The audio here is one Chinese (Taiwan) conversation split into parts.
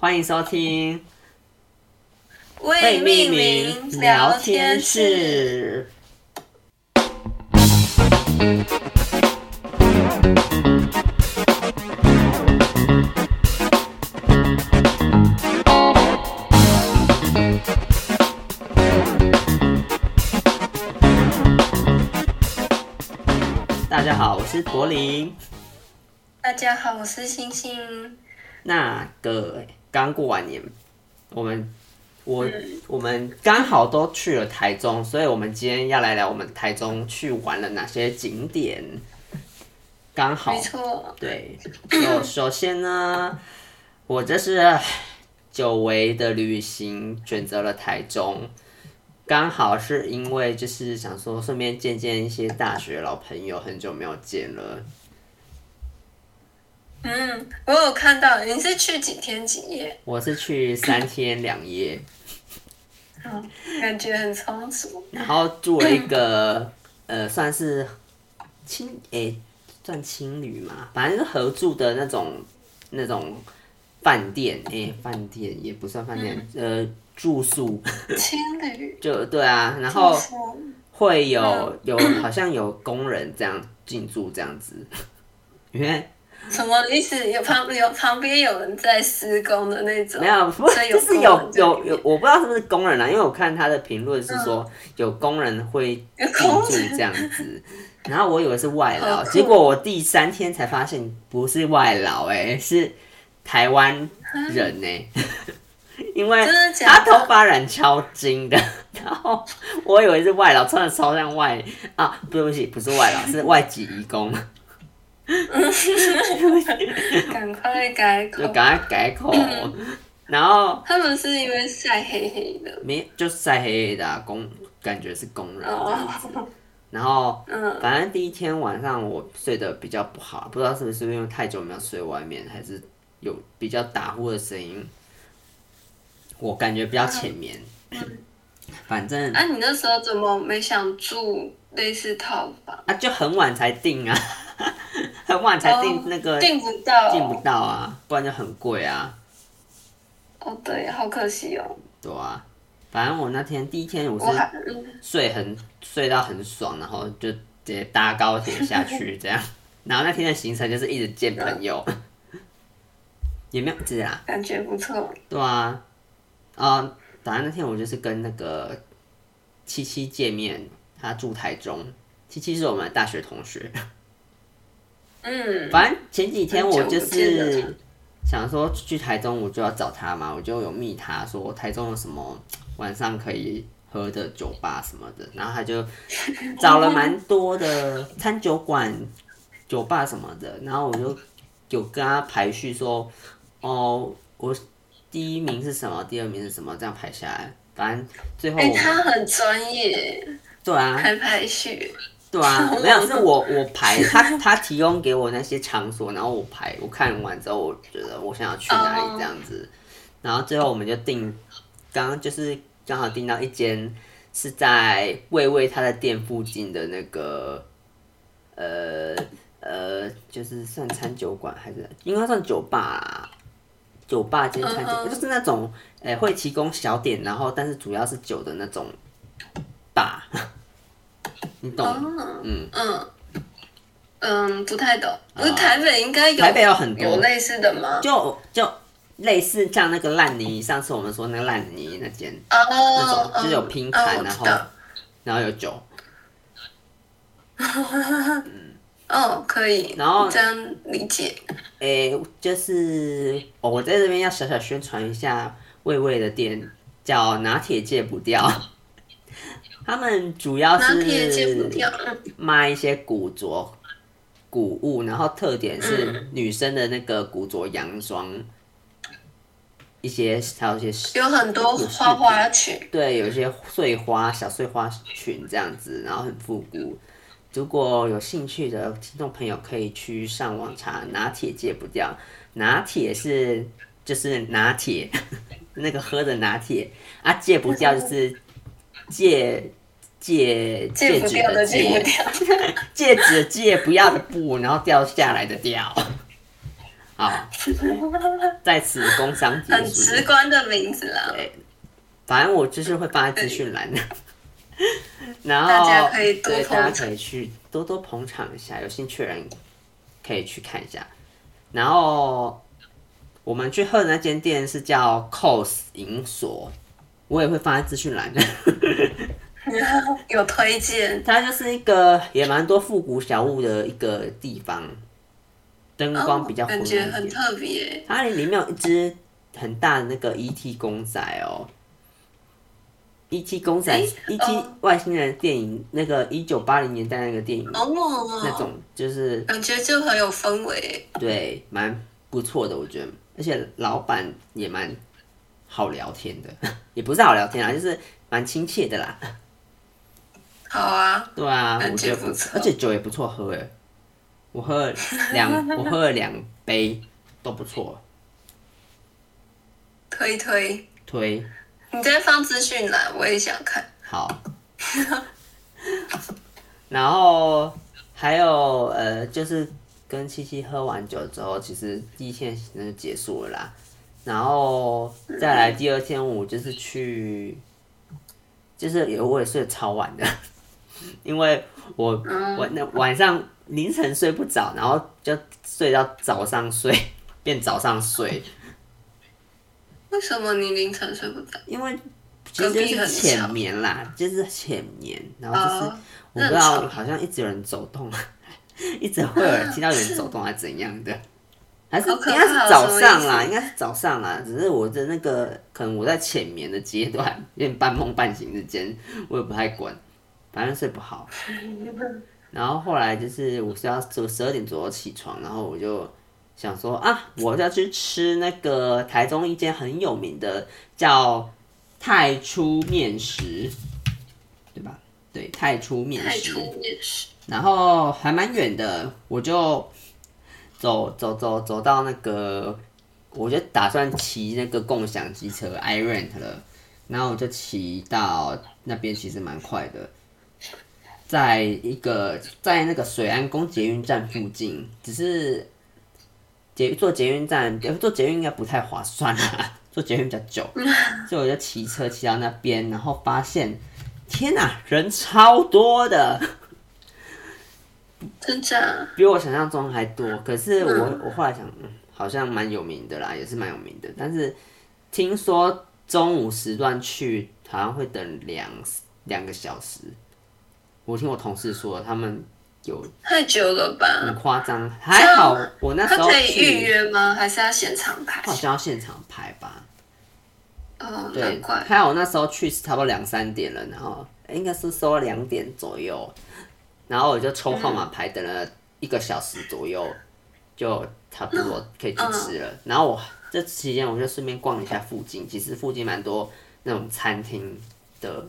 歡迎收聽未命，未命名聊天室。大家好，我是柏霖。大家好，我是星星。那個。剛過完年，我們我我們剛好都去了台中，所以我們今天要來聊我們台中去玩了哪些景點。剛好，沒錯，對。就首先呢， 我這是久違的旅行，選擇了台中，剛好是因為就是想說順便見見一些大學老朋友，很久沒有見了。嗯，我有看到，你是去幾天幾夜？我是去三天兩夜， 感覺很倉促。然後住了一個 呃，算是青誒、欸，算青旅嘛，反正是合住的那種那種飯店誒，飯、欸、店也不算飯店、嗯，呃，住宿青旅 就對啊，然後會有有 好像有工人這樣進駐這樣子，因為。什麼意思？有旁有旁邊有人在施工的那種？啊、沒有，不、就是有，有有有，我不知道是不是工人啊？因為我看他的評論是說、嗯、有工人會停住這樣子，然後我以為是外勞，結果我第三天才發現不是外勞，哎，是台灣人呢、欸？啊、 因為他頭髮染超金的，然後我以為是外勞，穿的超像外啊，不對不起，不是外勞，是外籍移工。 嗯，趕快改口，就趕快改口。 嗯、然後他們是因為曬黑黑的，沒就曬黑黑的工、啊，感覺是工人、哦啊。然後嗯，反正第一天晚上我睡得比較不好，不知道是不是因為太久沒有睡外面，還是有比較打呼的聲音，我感覺比較淺眠、嗯。反正，那、啊、你那時候怎麼沒想住類似套房？啊，就很晚才訂啊。 很晚才訂那個訂不到，訂不到啊，不然就很貴啊。哦、oh，對，好可惜哦。對啊，反正我那天第一天我是我睡很睡到很爽，然後就直接搭高鐵下去，這樣。 然後那天的行程就是一直見朋友， 也沒有，這樣、啊，感覺不錯。對啊，啊、嗯，反正那天我就是跟那個七七見面，他住台中，七七是我們的大學同學。嗯，反正前幾天我就是想說去台中，我就要找他嘛，我就有密他說，台中有什麼晚上可以喝的酒吧什麼的，然後他就找了蠻多的餐酒館、嗯、酒吧什麼的，然後我就有跟他排序說，哦，我第一名是什麼，第二名是什麼，這樣排下來，反正最後、欸、他很專業，對啊，排排序。對啊， 沒有是我我排他他提供給我那些場所，然後我排我看完之後，我覺得我想要去哪裡這樣子，然後最後我們就訂，剛剛就是剛好訂到一間是在魏魏他的店附近的那個，呃呃，就是算餐酒館還是應該算酒吧，酒吧兼餐酒，uh -huh. 就是那種誒、欸、會提供小點，然後但是主要是酒的那種吧。你懂？嗯嗯嗯，不太懂。台北應該有、啊、台北有很多有類似的嗎？就就類似像那個爛泥，上次我們說那個爛泥那間、oh, oh, oh, 那種，oh, oh, 就是有拼盤、oh, oh,，然後然後有酒。哦、 嗯，oh, 可以，然後這樣理解。哎、欸、就是、哦、我在這邊要小小宣傳一下味味的店，叫拿鐵戒不掉。他們主要是賣一些古着、古、古物，然後特點是女生的那個古着洋裝、嗯，一些還有一些有很多花花裙，對，有一些碎花小碎花裙這樣子，然後很復古。如果有興趣的聽眾朋友，可以去上網查。拿鐵戒不掉，拿鐵是就是拿鐵 那個喝的拿鐵啊，戒不掉就是戒。戒，戒指的戒，戒不掉的戒不掉 戒指的戒，不要的不，然後掉下來的掉，好， 在此工商，很直觀的名字啦。對，反正我就是會放在資訊欄的，然後 大家可以對，大家可以去多多捧場一下，有興趣的人可以去看一下。然後我們去喝的那間店是叫 Cos 銀鎖，我也會放在資訊欄的。 有推薦？它就是一個也蠻多復古小物的一個地方，燈光比較、哦、感覺很特別。它裡面有一只很大的那個 ET 公仔哦，ET 公仔，ET 外星人電影、哦、那個一九八零年代那個電影，哦哦哦、那種就是感覺就很有氛圍，對，蠻不錯的，我覺得，而且老闆也蠻好聊天的， 也不是好聊天啊，就是蠻親切的啦。好啊，對啊，覺我覺得不錯，而且酒也不錯喝哎，我喝了兩， 我喝了兩杯都不錯。推推推，你在放資訊呢，我也想看。好， 然後還有呃，就是跟七七喝完酒之後，其實第一天那就結束了啦。然後再來第二天，我就是去，嗯、就是有，我也睡得超晚的。因為我、嗯、我那晚上凌晨睡不着，然後就睡到早上睡，變早上睡。為什麼你凌晨睡不着？因為就是淺眠啦，就是淺眠，然後就是我不知道、嗯、好像一直有人走動，嗯、 一直會有人聽到有人走動還是怎樣的，還是應該是早上啦，應該是早上啦。只是我的那個可能我在淺眠的階段，有點 半夢半醒之間，我也不太管。反正睡不好，然後後來就是我是要走十二點左右起床，然後我就想說啊，我要去吃那個台中一間很有名的叫太初麵食，對吧？對，太初麵食。太初麵食。然後還蠻遠的，我就走走走走到那個，我就打算騎那個共享機車 iRent 了，然後我就騎到那邊，其實蠻快的。在一個在那個水安宮捷運站附近，只是捷坐捷運站，坐、欸、捷運應該不太划算啦、啊，坐捷運比較久，就我就騎車騎到那邊，然後發現，天吶、啊，人超多的，真假？比我想象中還多。可是我我後來想，好像蠻有名的啦，也是蠻有名的。但是聽說中午時段去，好像會等兩兩個小時。我聽我同事說，他們有太久了吧？很誇張。還好我那時候可以預約嗎？還是要現場排？好像要現場排吧。哦、嗯，對，還好我那時候去差不多兩三點了，然後、欸、應該是說兩點左右，然後我就抽號碼牌、嗯、等了一個小時左右，就差不多可以去吃了、嗯。然後我這期間我就順便逛了一下附近，其實附近蠻多那種餐廳的，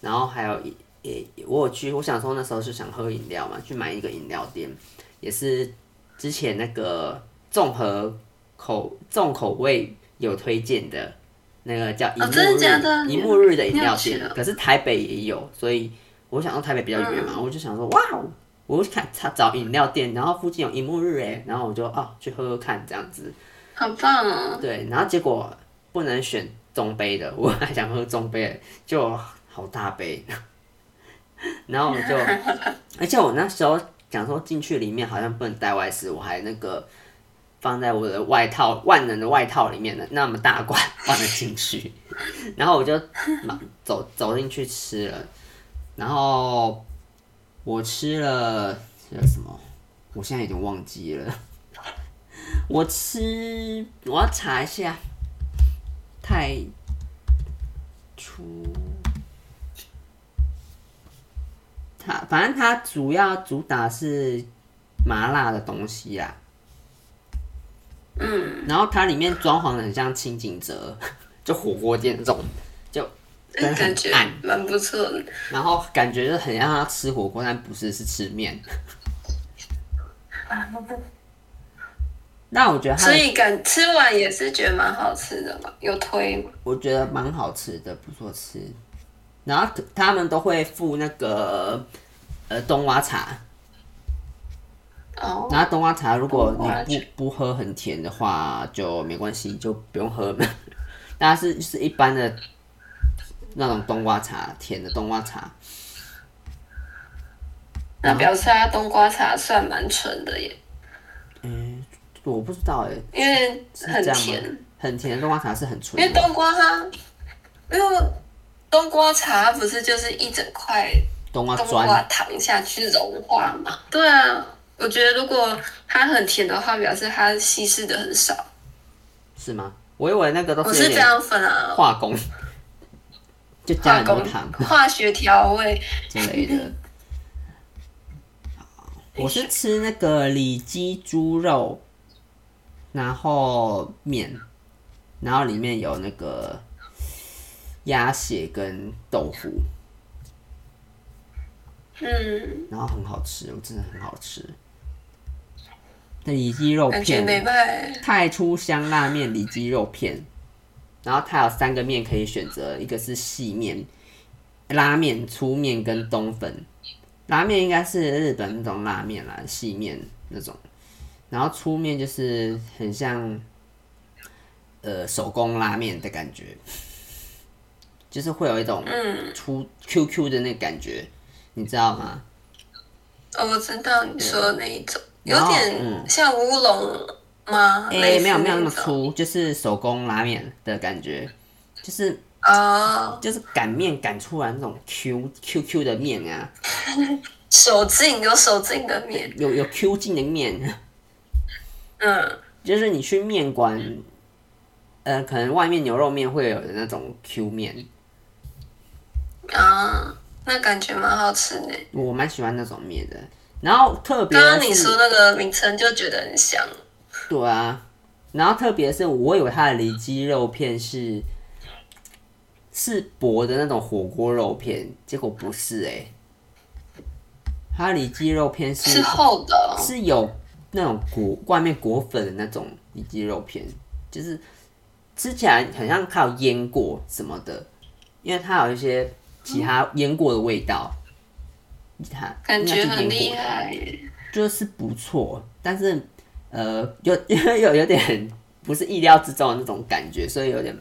然後還有一。也、欸、我有去，我想說那時候是想喝飲料嘛，去買一個飲料店，也是之前那個綜合口重口味有推薦的，那個叫一沐日、哦、一沐日的飲料店，可是台北也有，所以我想說台北比較遠嘛，嗯、我就想說哇，我去看他找飲料店，然後附近有一沐日誒，然後我就啊去喝喝看這樣子，好棒啊！對，然後結果不能選中杯的，我還想喝中杯，就好大杯。然後我就，而且我那時候講說進去裡面好像不能帶外食，我還那個放在我的外套萬能的外套裡面的那麼大罐放了進去， 然後我就走走進去吃了，然後我吃了，吃了什麼？我現在已經忘記了，我吃我要查一下，太出。它反正它主要主打是麻辣的東西呀，嗯，然後它裡面裝潢很像清景者，就火鍋店這種，就很感覺蠻不錯的。然後感覺就很像吃火鍋，但不是是吃麵。嗯、 那我覺得，所以感吃完也是覺得蠻好吃的嘛，有推，我覺得蠻好吃的，不錯吃。然後他們都會附那個呃冬瓜茶，oh, 然後冬瓜茶如果你不不喝很甜的話就沒關係，就不用喝。 但是是一般的那種冬瓜茶、甜的冬瓜茶，那表示他冬瓜茶算蠻純的耶。嗯，我不知道哎、欸，因為很甜，很甜的冬瓜茶是很純的。因為冬瓜它因為。冬瓜茶不是就是一整塊冬瓜糖下去融化嗎？對啊，我覺得如果它很甜的話，表示它稀釋的很少。是嗎？我以為那個都是，是這樣粉啊，化工，就化工糖、化，化學調味之類的 好。我是吃那個里脊、豬肉，然後麵，然後裡面有那個。鴨血跟豆腐，嗯，然後很好吃，我真的很好吃。那里脊肉片，太初香辣麵里脊肉片，然後它有三個麵可以選擇，一個是細麵，拉麵、粗麵跟冬粉。拉麵應該是日本那種拉麵啦，細麵那種。然後粗麵就是很像，呃，手工拉麵的感覺。就是會有一種嗯粗 Q Q 的那感覺，嗯，你知道嗎？哦，我知道你說的那一種，嗯，有點像烏龍嗎？哎，欸，沒有沒有那麼粗，就是手工拉麵的感覺，就是啊，哦，就是擀麵擀出來那種 Q Q Q 的麵啊，手勁有手勁的麵，有有 Q 勁的麵， 嗯，就是你去麵館，呃，可能外面牛肉麵會有的那種 Q 麵。啊，那感覺蠻好吃的。我蠻喜歡那種麵的，然後特別剛剛你說那個名稱，就覺得很香。對啊，然後特別是我以為它的里脊肉片是是薄的那種火鍋肉片，結果不是誒、欸。它里脊肉片是厚的、哦，是有那種裹外面裹粉的那種里脊肉片，就是吃起來很像靠醃過什麼的，因為它有一些。其他醃過的味道，你、嗯、看、欸，感覺很厲害，就是不錯，但是呃，有有有點不是意料之中的那種感覺，所以有點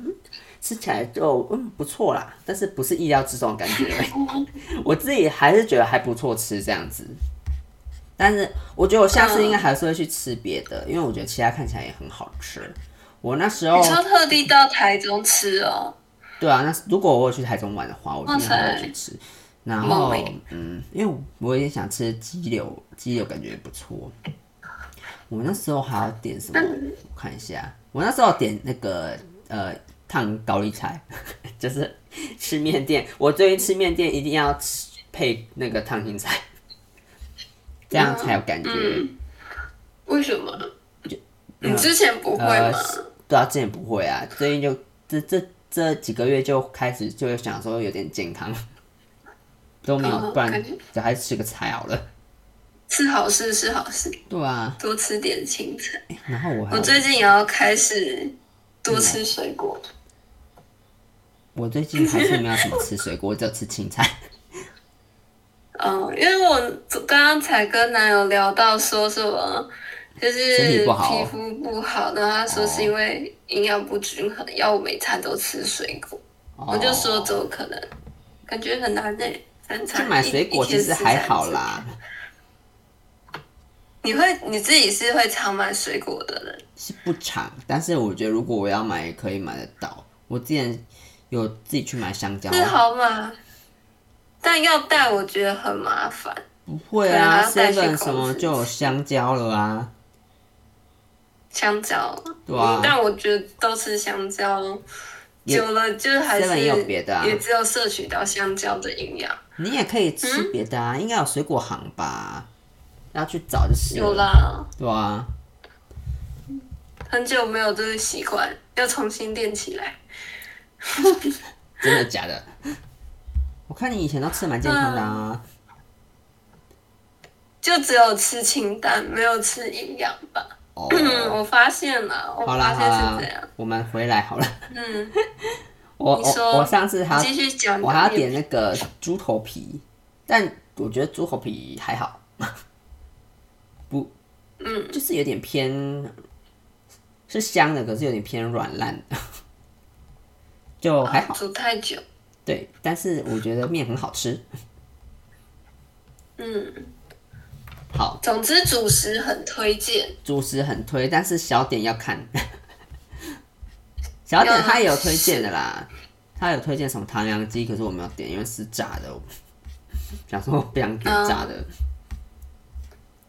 吃起來就嗯不錯啦，但是不是意料之中的感覺、欸。 我自己還是覺得還不錯吃這樣子，但是我覺得我下次應該還是會去吃別的、嗯，因為我覺得其他看起來也很好吃。我那時候你說特地到台中吃哦。對啊，那如果我有去台中玩的話，我一定會去吃。然後，嗯，因為我也想吃雞柳，雞柳感覺也不錯。我那時候還要點什麼？我看一下，我那時候點那個呃，燙高麗菜呵呵，就是吃麵店。我最近吃麵店一定要吃配那個燙青菜，這樣才有感覺。嗯嗯，為什麼？就、嗯，你之前不會嗎？呃，對啊，之前不會啊，最近就這這。這這幾個月就開始就想說有點健康了，都沒有斷，不就還是吃個菜好了。吃好事是好事，對啊，多吃點青菜。然後我還我最近也要開始多吃水果，嗯。我最近還是沒有什麼吃水果， 就吃青菜。哦，因為我剛剛才跟男友聊到說什麼。就是皮膚不，不好，然後他說是因為營養不均衡，Oh. 要我每餐都吃水果。Oh. 我就說怎麼可能，感覺很難呢、欸，三餐就買水果其實還好啦。你會你自己是會常買水果的人？是不常，但是我覺得如果我要買，可以買得到。我之前有自己去買香蕉，是好嘛。但要帶我覺得很麻煩。不會啊，身份什麼就有香蕉了啊。香蕉，對啊，但我覺得都吃香蕉久了，就是還是也只有攝取到香蕉的營養。你也可以吃別的啊、嗯，應該有水果行吧，要去找就是。有啦，對啊，很久沒有這個習慣，要重新練起來。 真的假的？我看你以前都吃的蠻健康的啊，啊，就只有吃清淡，沒有吃營養吧。Oh, 嗯，我發現了，我發現了。我們回來好了。嗯，我說我，我上次還繼續講，我還要點那個豬頭皮，但我覺得豬頭皮還好，不，嗯，就是有點偏，是香的，可是有點偏軟爛，就還好。啊，煮太久。對，但是我覺得麵很好吃。嗯。好，總之主食很推薦。主食很推，但是小點要看。小點他也有推薦的啦，他有推薦什麼唐揚雞，可是我沒有點，因為是炸的。講說我不想點炸的，嗯。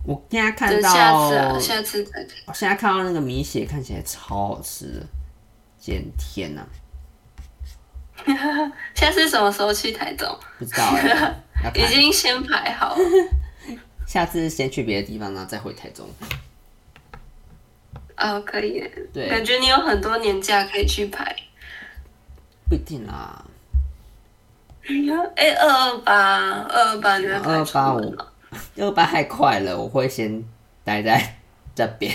我現在看到，就是、下次、啊，下次再見。現在看到那個米血看起來超好吃的，今天哪、啊！哈哈，下次什麼時候去台中？不知道、欸，已經先排好下次先去別的地方，然後再回台中。哦、oh,，可以。對，感覺你有很多年假可以去排。不一定啊。哎呀二二八，二二八，你要二八五，二八太快了。我會先待在這邊。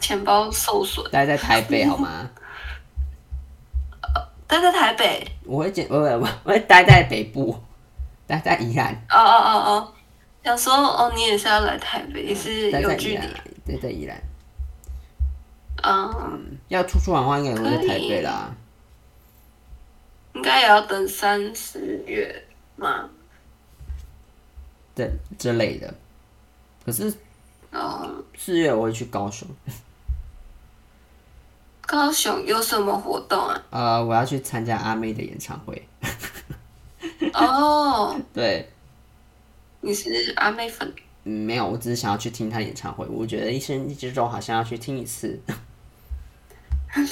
錢包受損。待在台北好嗎？呃、待在台北，我會接，我我我會待在北部，待在宜蘭。哦哦哦哦。有時候哦，你也是要來台北，也是有距離、啊、對對在宜蘭嗯，um, 要出去玩玩應該也會去台北啦，應該也要等三四月嗎？對，之類的，可是哦，四、um, 月我會去高雄，高雄有什麼活動啊？啊、呃，我要去參加阿妹的演唱會，哦、 oh.，對。你是阿妹粉，嗯？沒有，我只是想要去聽她演唱會。我覺得一生之中好像要去聽一次。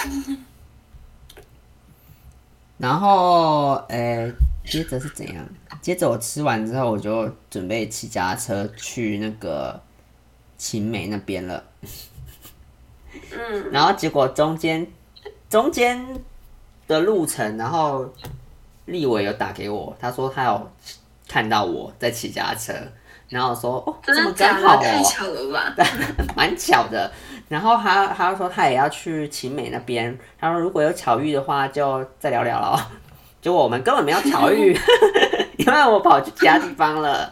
然後，誒、欸，接着是怎樣？接着我吃完之後，我就準備騎家車去那個勤美那邊了。嗯。然後結果中間中間的路程，然後立偉有打給我，他說他有。看到我在騎家車，然後說：“哦、喔，這麼剛好、喔？好太巧了吧！蠻巧的。然後他他說他也要去勤美那邊。他說如果有巧遇的話，就再聊聊咯。結果我們根本沒有巧遇， 因為我跑去其他地方了。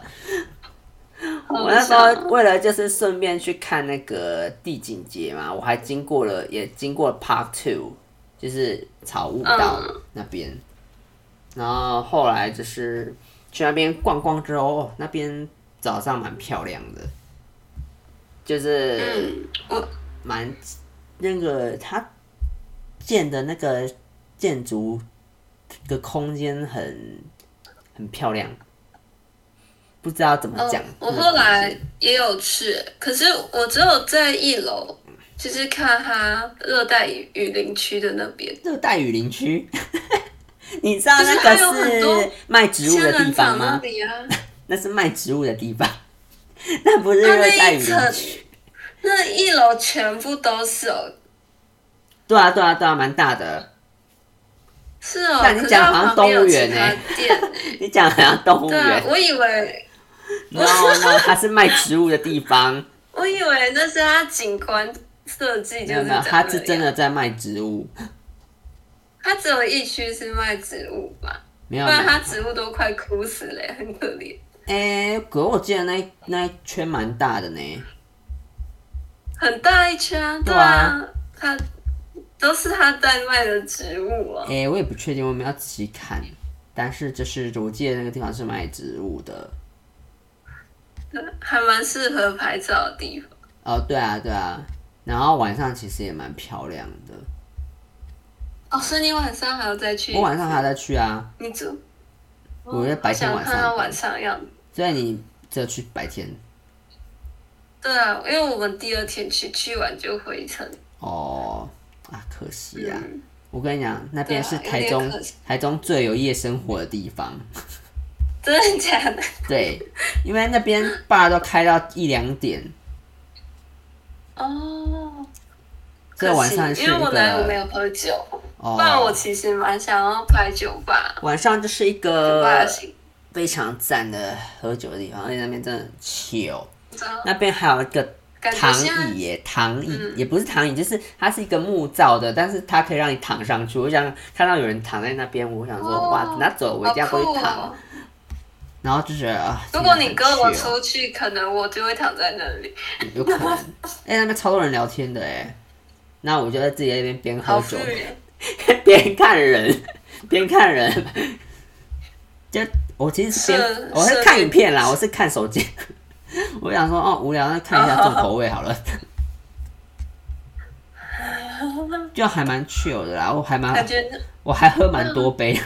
我那時候為了就是順便去看那個地景節嘛，我還經過了，也經過了 Park Two，就是草悟道那邊、嗯。然後後來就是。”去那邊逛逛之後，那邊早上蠻漂亮的，就是蠻、嗯、那個他建的那個建築的空間很很漂亮，不知道怎麼講、呃。我後來也有去，可是我只有在一樓，就是看它熱帶雨林區的那邊熱帶雨林區。 你知道那個是賣植物的地方嗎？ 那是賣植物的地方， 那不是熱帶雨林。那一樓全部都是哦。對啊，對啊，對啊，蠻大的。是哦，但你講的好像動物園呢、欸。 你講的好像動物園，啊、我以為。然後呢，它是賣植物的地方。我以為那是它景觀設計就是這樣的樣子，沒有沒有，它是真的在賣植物。他只有一區是賣植物吧？沒有，不然他植物都快枯死了，很可憐。哎、欸，可我記得那一那一圈蠻大的呢，很大一圈啊，對啊，對啊，他都是他在賣的植物啊、喔。哎、欸，我也不確定，我沒有仔細看。但是就是我記得那個地方是賣植物的，還蠻適合拍照的地方。哦，對啊，對啊，然後晚上其實也蠻漂亮的。哦，所以你晚上還要再去？我晚上還要再去啊。你住？我覺得白天晚上，晚上要，所以你只有去白天。對啊，因為我們第二天去，去完就回城。哦啊，可惜啊！嗯、我跟你講，那邊是台中、啊，台中最有夜生活的地方。真的假的？對，因為那邊 bar 都開到一兩點。哦。在、這個、晚上因為我男我沒有喝酒，不、哦、然我其實蠻想要拍酒吧。晚上就是一個，非常讚的喝酒的地方，而且那邊真的很 chill、啊、那邊還有一個躺椅耶，躺椅、嗯、也不是躺椅，就是它是一個木造的，但是它可以讓你躺上去。我想看到有人躺在那邊，我想說、哦、哇，那他走，我一定要過去躺、哦啊。然後就覺得、啊、如果你跟我出去，可能我就會躺在那裡。有可能，哎、 欸，那邊超多人聊天的哎。那我就在自己在那邊邊喝酒，邊看人，邊看人。就我其實邊、呃、我是看影片啦，呃、我是看手機、呃呃。我想說哦，無聊，那看一下重口味好了。呃、 就還蠻 chill 的啦，我還蠻、呃，我還喝蠻多杯，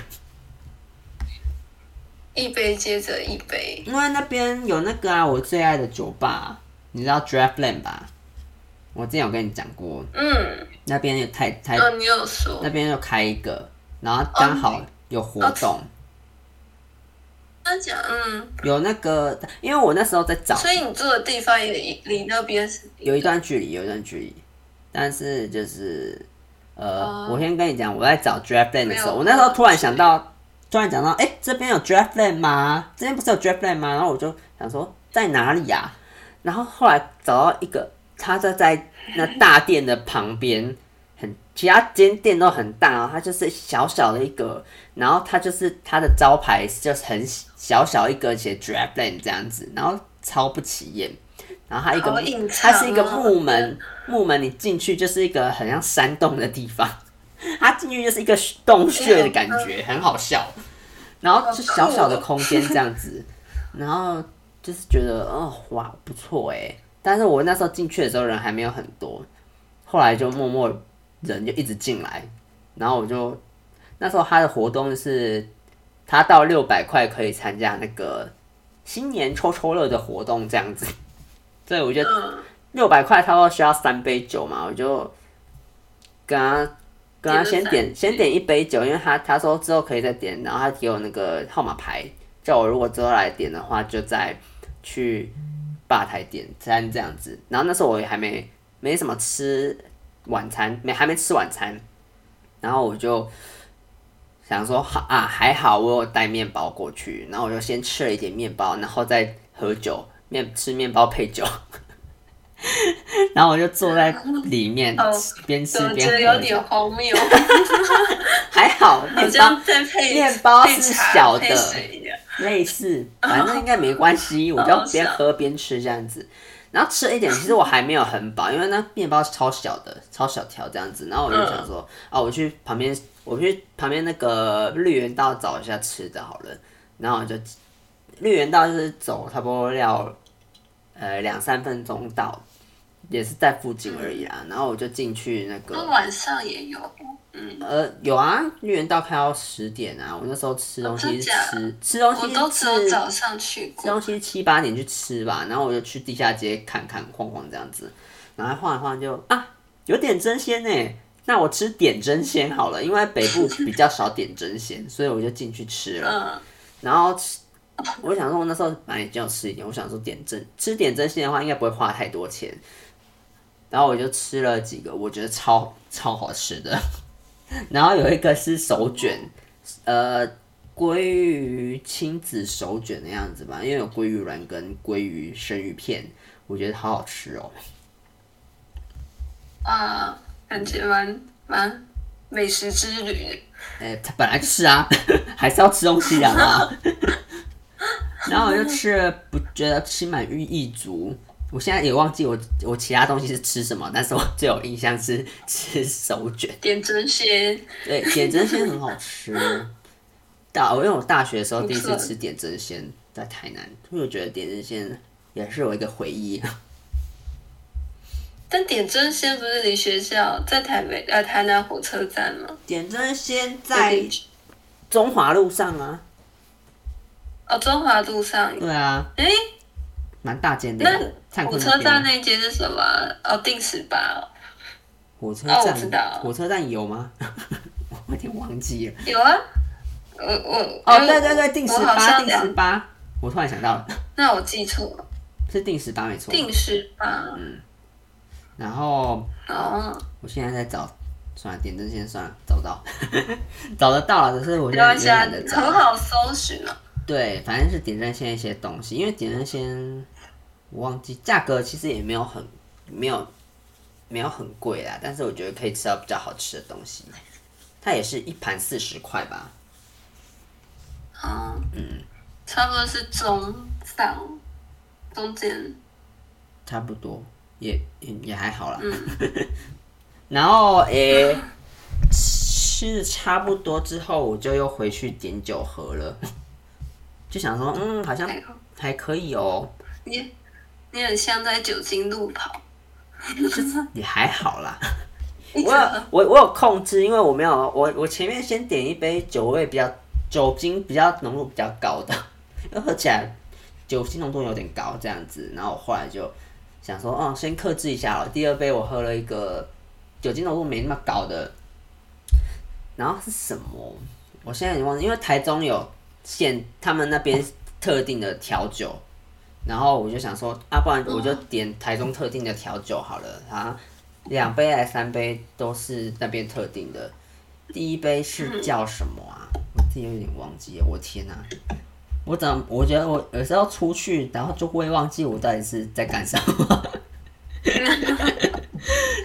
一杯接着一杯。因為那邊有那個啊，我最愛的酒吧，你知道 Draft Land 吧？我之前有跟你講過，嗯，那邊、啊、你有說，那邊又開一個，然後剛好有活動。他講，嗯，okay. 有那個，因為我那時候在找，所以你住的地方也離那邊有一段距離，有一段距離。但是就是，呃，啊、我先跟你講，我在找 Draftland 的時候，我那時候突然想到，突然想到，哎、欸，這邊有 Draftland 嗎？這邊不是有 Draftland 嗎？然後我就想說，在哪裡呀、啊？然後後來找到一個。它就在那大店的旁邊，很其他間店都很大哦，它就是小小的一個，然後它就是它的招牌，就是很小小一個寫 d r a l a n 這樣子，然後超不起眼，然後它一個門、啊、它是一個木門，木門你進去就是一個很像山洞的地方，它進去就是一個洞穴的感覺，很好笑，然後是小小的空間這樣子，哦、 然後就是覺得哦哇不錯哎。但是我那時候進去的時候人還沒有很多，後來就默默人就一直進來，然後我就那時候他的活動是他到六百塊可以參加那個新年抽抽樂的活動這樣子，所以我覺得六百塊他說需要三杯酒嘛，我就跟他跟他先點先點一杯酒，因為他他說之後可以再點，然後他給我那個號碼牌，叫我如果之後來點的話就再去。吧台點餐這樣子，然後那時候我也還沒沒什麼吃晚餐，沒還沒吃晚餐，然後我就想說好啊，還好我有帶麵包過去，然後我就先吃了一點麵包，然後再喝酒面吃麵包配酒， 然後我就坐在裡面邊、oh, 吃邊我覺得有點荒謬， 還好，麵 包麵包是小的。類似，反正應該沒關係。我就邊喝邊吃這樣子，然後吃一點。其實我還沒有很飽，因為那麵包是超小的，超小條這樣子。然後我就想說，呃、啊，我去旁邊，我去旁邊那個綠園道找一下吃的好了。然後就綠園道就是走差不多要，呃，兩三分鐘到。也是在附近而已啊，嗯、然後我就進去那個、嗯。晚上也有，嗯。呃，有啊，綠園道開到十點啊。我那時候吃東西是吃、哦、是吃，吃東西是吃，我都只有早上去過。吃東西七八點去吃吧，然後我就去地下街看看晃晃這樣子，然後晃一晃就啊，有點真鮮呢、欸。那我吃點真鮮好了，因為北部比較少點真鮮， 所以我就進去吃了。嗯、然後吃，我想說，我那時候哎，就要吃一點，我想說點真吃點真鮮的話，應該不會花太多錢。然後我就吃了幾個，我覺得超超好吃的。 然後有一個是手捲，呃，鮭魚親子手捲那樣子吧，因為有鮭魚卵跟鮭魚生魚片，我覺得好好吃哦。啊、呃，感覺蠻蠻美食之旅。哎、欸，它本來就是啊， 還是要吃東西的啊。 然後我就吃了，不覺得心滿意足。我現在也忘記我我其他東西是吃什麼，但是我最有印象是吃手卷點爭鮮，對點爭鮮很好吃。 大我、哦、因為我大學的時候第一次吃點爭鮮在台南，因為我覺得點爭鮮也是有一個回憶。但點爭鮮不是離學校在台北在、啊、台南火車站嗎？點爭鮮在中華路上啊。哦，中華路上對啊，哎、欸。蠻大間的，那火、啊、車站那一間是什麼、啊？哦，定時八、哦。火車站、哦、我火車站有嗎？ 我有點，忘記了。有啊，我我哦，對對對，定時八，定時八。我突然想到了。那我記錯了，是定時八沒錯。定時八，嗯。然後哦，我現在在找，算了，點燈先算了，找不到， 找得到了，可是我現在很、啊、好搜尋了、啊。對，反正是點心一些東西，因為點心，我忘記價格其實也沒有很沒有沒有很貴啦，但是我覺得可以吃到比較好吃的東西，它也是一盤四十塊吧，啊，嗯，差不多是中上，中間，差不多，也也也還好啦。嗯， 然後誒，欸嗯，吃差不多之後，我就又回去點酒喝了。就想說，嗯，好像還可以哦、喔。你，你很像在酒精路跑。也 還好啦，我有我我有控制，因為我沒有我我前面先點一杯酒味比較酒精比較濃度比較高的，因為喝起來酒精濃度有點高，這樣子。然後我後來就想說，嗯，先克制一下了。第二杯我喝了一個酒精濃度沒那麼高的。然後是什麼？我現在也忘記，因為台中有。現他們那邊特定的調酒，然後我就想說啊，不然我就點台中特定的調酒好了啊，兩杯還是三杯都是那邊特定的。第一杯是叫什麼啊？我自己有點忘記，我天吶、啊，我怎麼，我覺得我有時候出去，然後就會忘記我到底是在幹什麼。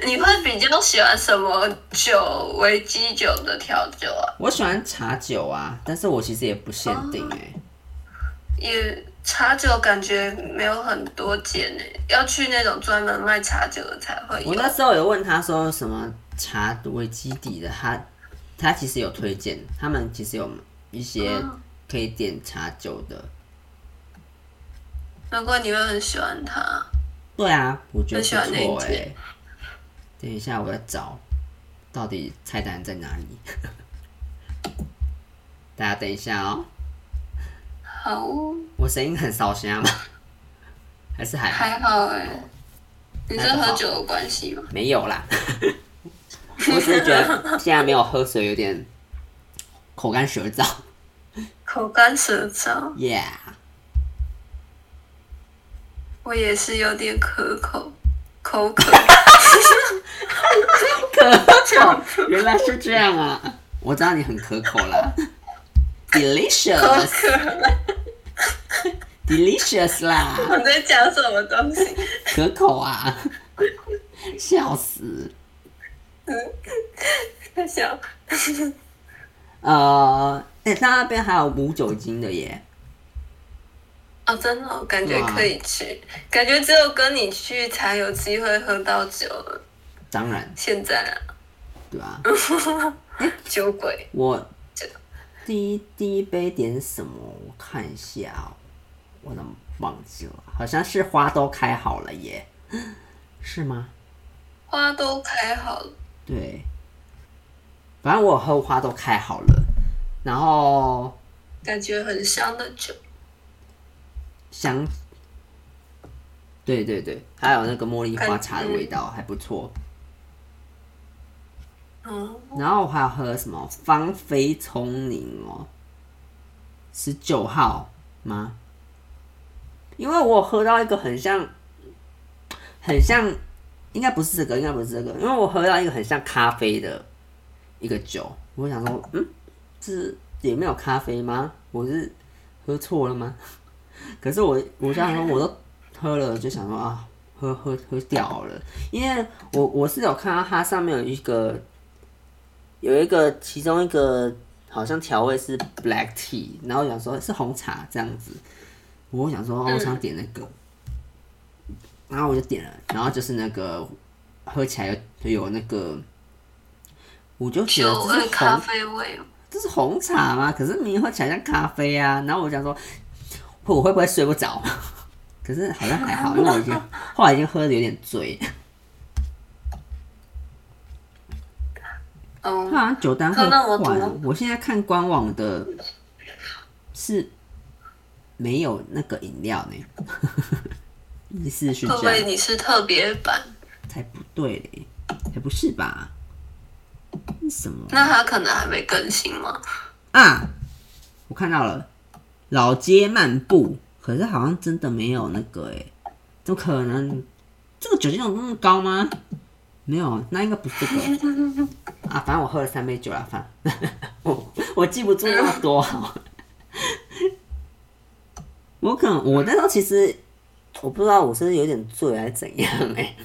你會比較喜歡什麼酒為基酒的調酒啊？我喜歡茶酒啊，但是我其實也不限定哎、欸啊。也茶酒感覺沒有很多間哎、欸，要去那種專門賣茶酒的才會有。我那時候有問他說什麼茶為基底的，他他其實有推薦，他們其實有一些可以點茶酒的、啊。難怪你會很喜歡他。對啊，我覺得不錯哎、欸。等一下，我要找到底菜單在哪裡？大家等一下、喔、哦。好。我聲音很燒香嗎？還是還好還好哎、欸哦？你說喝酒有關係嗎，嗎？沒有啦。我 是，是覺得現在沒有喝水，有點口乾舌燥。口乾舌燥。Yeah。我也是有點可口渴，口，可口 可口、哦，原來是這樣啊！我知道你很可口啦，delicious，delicious Delicious 啦！我在講什麼東西？可口啊！笑死！笑。呃，哎、欸，他那邊還有無酒精的耶。哦，真的、哦，我感覺可以去，感覺只有跟你去才有機會喝到酒了當然，現在啊，對吧、啊？ 酒鬼，我這滴第一杯點什麼？我看一下、哦，我都忘記了，好像是花都開好了耶，是嗎？花都開好了。對，反正我喝花都開好了，然後感覺很香的酒香，對對對，還有那個茉莉花茶的味道還不錯。然後我還要喝什麼？芳菲叢林哦，十九號嗎？因為我喝到一個很像，很像，應該不是這個，應該不是這個，因為我喝到一個很像咖啡的一個酒，我想說，嗯，是也沒有咖啡嗎？我是喝錯了嗎？可是我，我想說，我都喝了，就想說啊，喝喝喝掉了，因為我我是有看到它上面有一個。有一個，其中一個好像調味是 black tea，然後我想說，是紅茶這樣子。我想說，我想點那個、嗯，然後我就點了，然後就是那個喝起來就有那個，我就覺得這是咖啡味。這是紅茶嗎？可是你喝起來像咖啡啊。然後我想說，我會不會睡不着？可是好像還好，因為我已經後來已經喝得有點醉。他好像酒單很短，那麼我現在看官網的，是沒有那個飲料嘞。 試試，你是是，各位你是特別版才不對嘞，還不是吧？是什麼？那他可能還沒更新嗎？啊，我看到了，老街漫步，可是好像真的沒有那個哎、欸，怎麼可能？這個酒精有那麼高嗎？沒有，那應該不是吧、這個？啊，反正我喝了三杯酒了，反、哦、正我記不住那麼多。我可能我那時候其實我不知道我是有點醉，還是怎樣哎、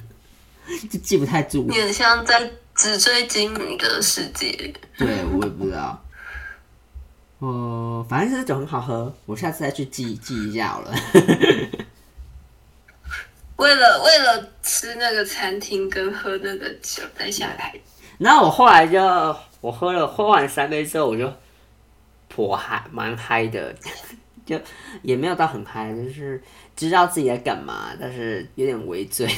欸，就記不太住。有點像在紙醉金迷的世界。對，我也不知道。哦，反正這種很好喝，我下次再去記記一下好了。嗯為了為了吃那個餐廳跟喝那個酒，帶下來。然後我後來就我喝了喝完三杯之後，我就頗嗨蠻嗨的呵呵，就也沒有到很嗨，就是知道自己在幹嘛，但是有點微醉。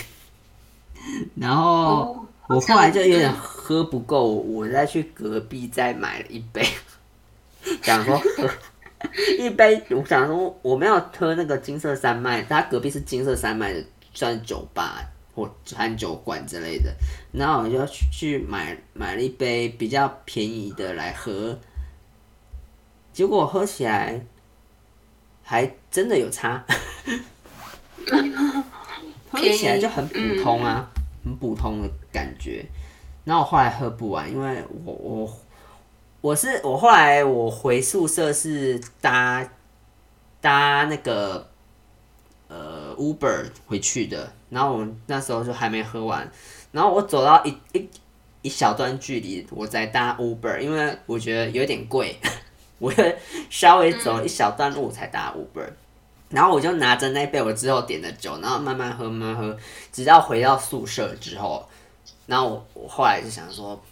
然後我後來就有點喝不夠，我再去隔壁再買了一杯，想說 一杯，我想說我沒有喝那個金色三麥，它隔壁是金色三麥的。餐酒吧或餐酒館之類的，然後我就去去買買了一杯比較便宜的來喝，結果喝起來還真的有差，呵呵喝起來就很普通啊、嗯，很普通的感覺。然後我後來喝不完，因為我我我是我後來我回宿舍是搭搭那個。Uber 回去的，然後我那時候就還沒喝完，然後我走到一一一小段距離，我再搭 Uber，因為我覺得有點貴，我就稍微走一小段路才搭 Uber，然後我就拿着那杯我之後點的酒，然後慢慢喝，慢慢喝，直到回到宿舍之後，然後我，我後來就想說，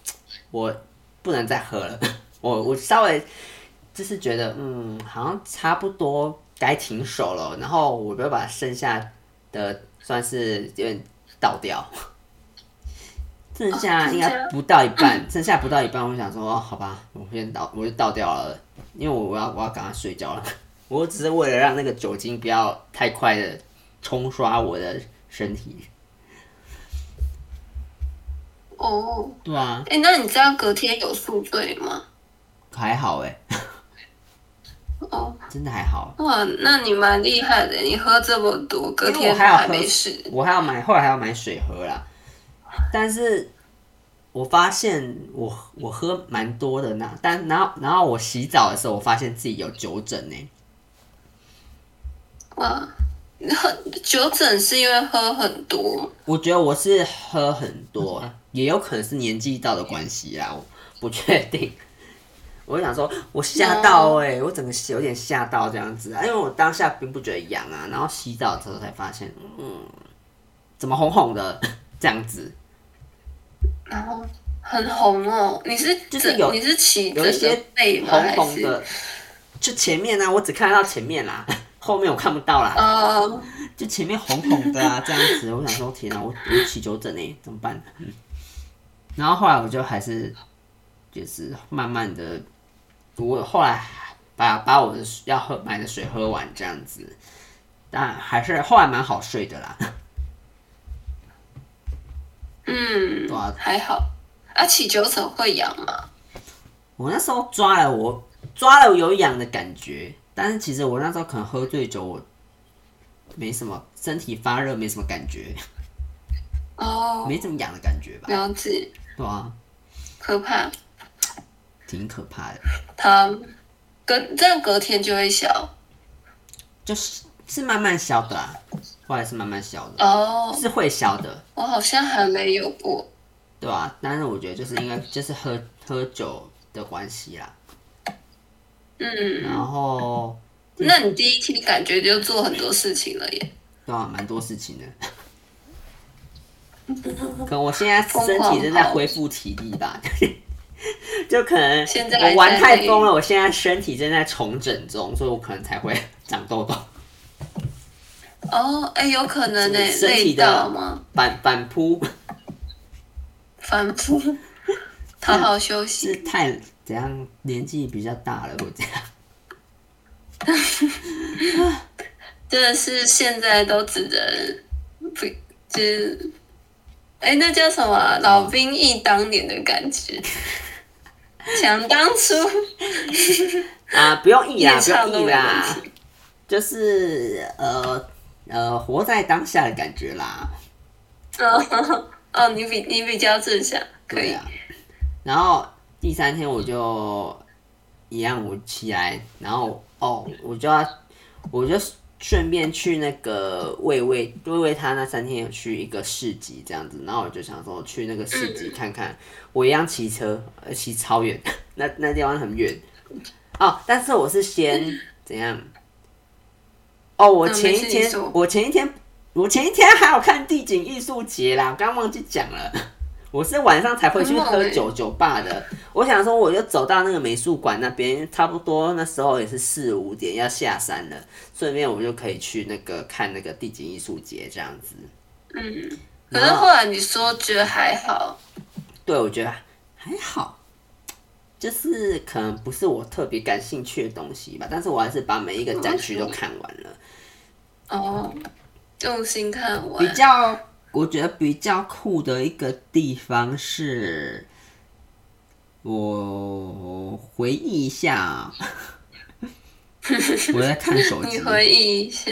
我不能再喝了，我我稍微就是覺得，嗯，好像差不多。該停手了，然後我不要把剩下的算是有點倒掉，剩下應該不到一半，哦，剩下，嗯，剩下不到一半，我想說、哦，好吧，我先倒，我就倒掉了，因為我我要我要趕快睡覺了，我只是為了讓那個酒精不要太快的沖刷我的身體。哦，對啊，哎，那你這樣隔天有宿醉嗎？還好哎、欸。哦、oh,，真的還好哇！那你蠻厲害的，你喝這麼多，隔天還沒事。因為我還要喝，我還要買，後來還要買水喝啦。但是，我發現我我喝蠻多的那，但然後然後我洗澡的時候，我發現自己有酒疹呢、欸。哇、oh,，酒疹是因為喝很多？我覺得我是喝很多， 也有可能是年紀到的關係啦，我不確定。我想說，我嚇到哎、欸，no. 我整個有點嚇到這樣子、啊，因為我當下並不覺得癢啊，然後洗澡的時候才發現，嗯，怎麼紅紅的這樣子，然、oh, 後很紅哦，你是就是有你是起有一些背紅紅的，就前面呢、啊，我只看到前面啦，後面我看不到啦。啊、oh.，就前面紅紅的啊這樣子，我想說天哪，我我起丘疹哎，怎麼辦、嗯、然後後來我就還是就是慢慢的。我後來把把我的要喝買的水喝完這樣子，但還是後來蠻好睡的啦。嗯，對啊、 啊、還好。啊。起酒疹會癢嗎、啊？我那時候抓了我，我抓了我有癢的感覺，但是其實我那時候可能喝醉酒，我沒什麼身體發熱，沒什麼感覺。 哦，沒怎麼癢的感覺吧？不要緊，對啊，可怕。挺可怕的，它隔這樣隔天就會消，就是是慢慢消的啦，啊，後來是慢慢消的哦，oh, 是會消的。我好像還沒有過，對吧，啊？但是我覺得就是應該就是喝，就是，喝，喝酒的關係啦，嗯。然後，那你第一天感覺就做很多事情了耶？對啊，蠻多事情的。 可我現在身體正在恢復體力吧。 就可能我玩、哦、太瘋了，我現在身體正在重整中，所以我可能才會長痘痘。哦，哎、欸，有可能呢、欸，累到嗎？反反撲，反撲，好 好，好休息太怎樣？年紀比較大了，我這樣。 真的是現在都只能就是哎、欸，那叫什麼、啊什麼？老兵憶當年的感覺。 想當初 啊，不用意啦，不要意啦，就是呃呃，活在當下的感覺啦。哦哦，你比你比較正向，可以。對啊，然後第三天我就一樣，我起來，然後哦，我就要，我就。順便去那個喂喂喂喂，衛衛他那三天有去一個市集這樣子，然後我就想說去那個市集看看，我一樣騎車，騎超遠，那那地方很遠哦。但是我是先怎樣？哦，我我，我前一天，我前一天，我前一天還有看地景藝術節啦，我剛忘記講了。我是晚上才會去喝酒酒吧的。欸、我想說，我就走到那個美術館那邊，差不多那時候也是四五點要下山了，順便我就可以去那個看那個地景藝術節這樣子。嗯，可是後來你說覺得還好。對，我覺得還好，就是可能不是我特別感興趣的東西吧，但是我還是把每一個展區都看完了。嗯、哦，用心看完。比較。我覺得比較酷的一個地方是，我回憶一下，我在看手機。 你回憶一下，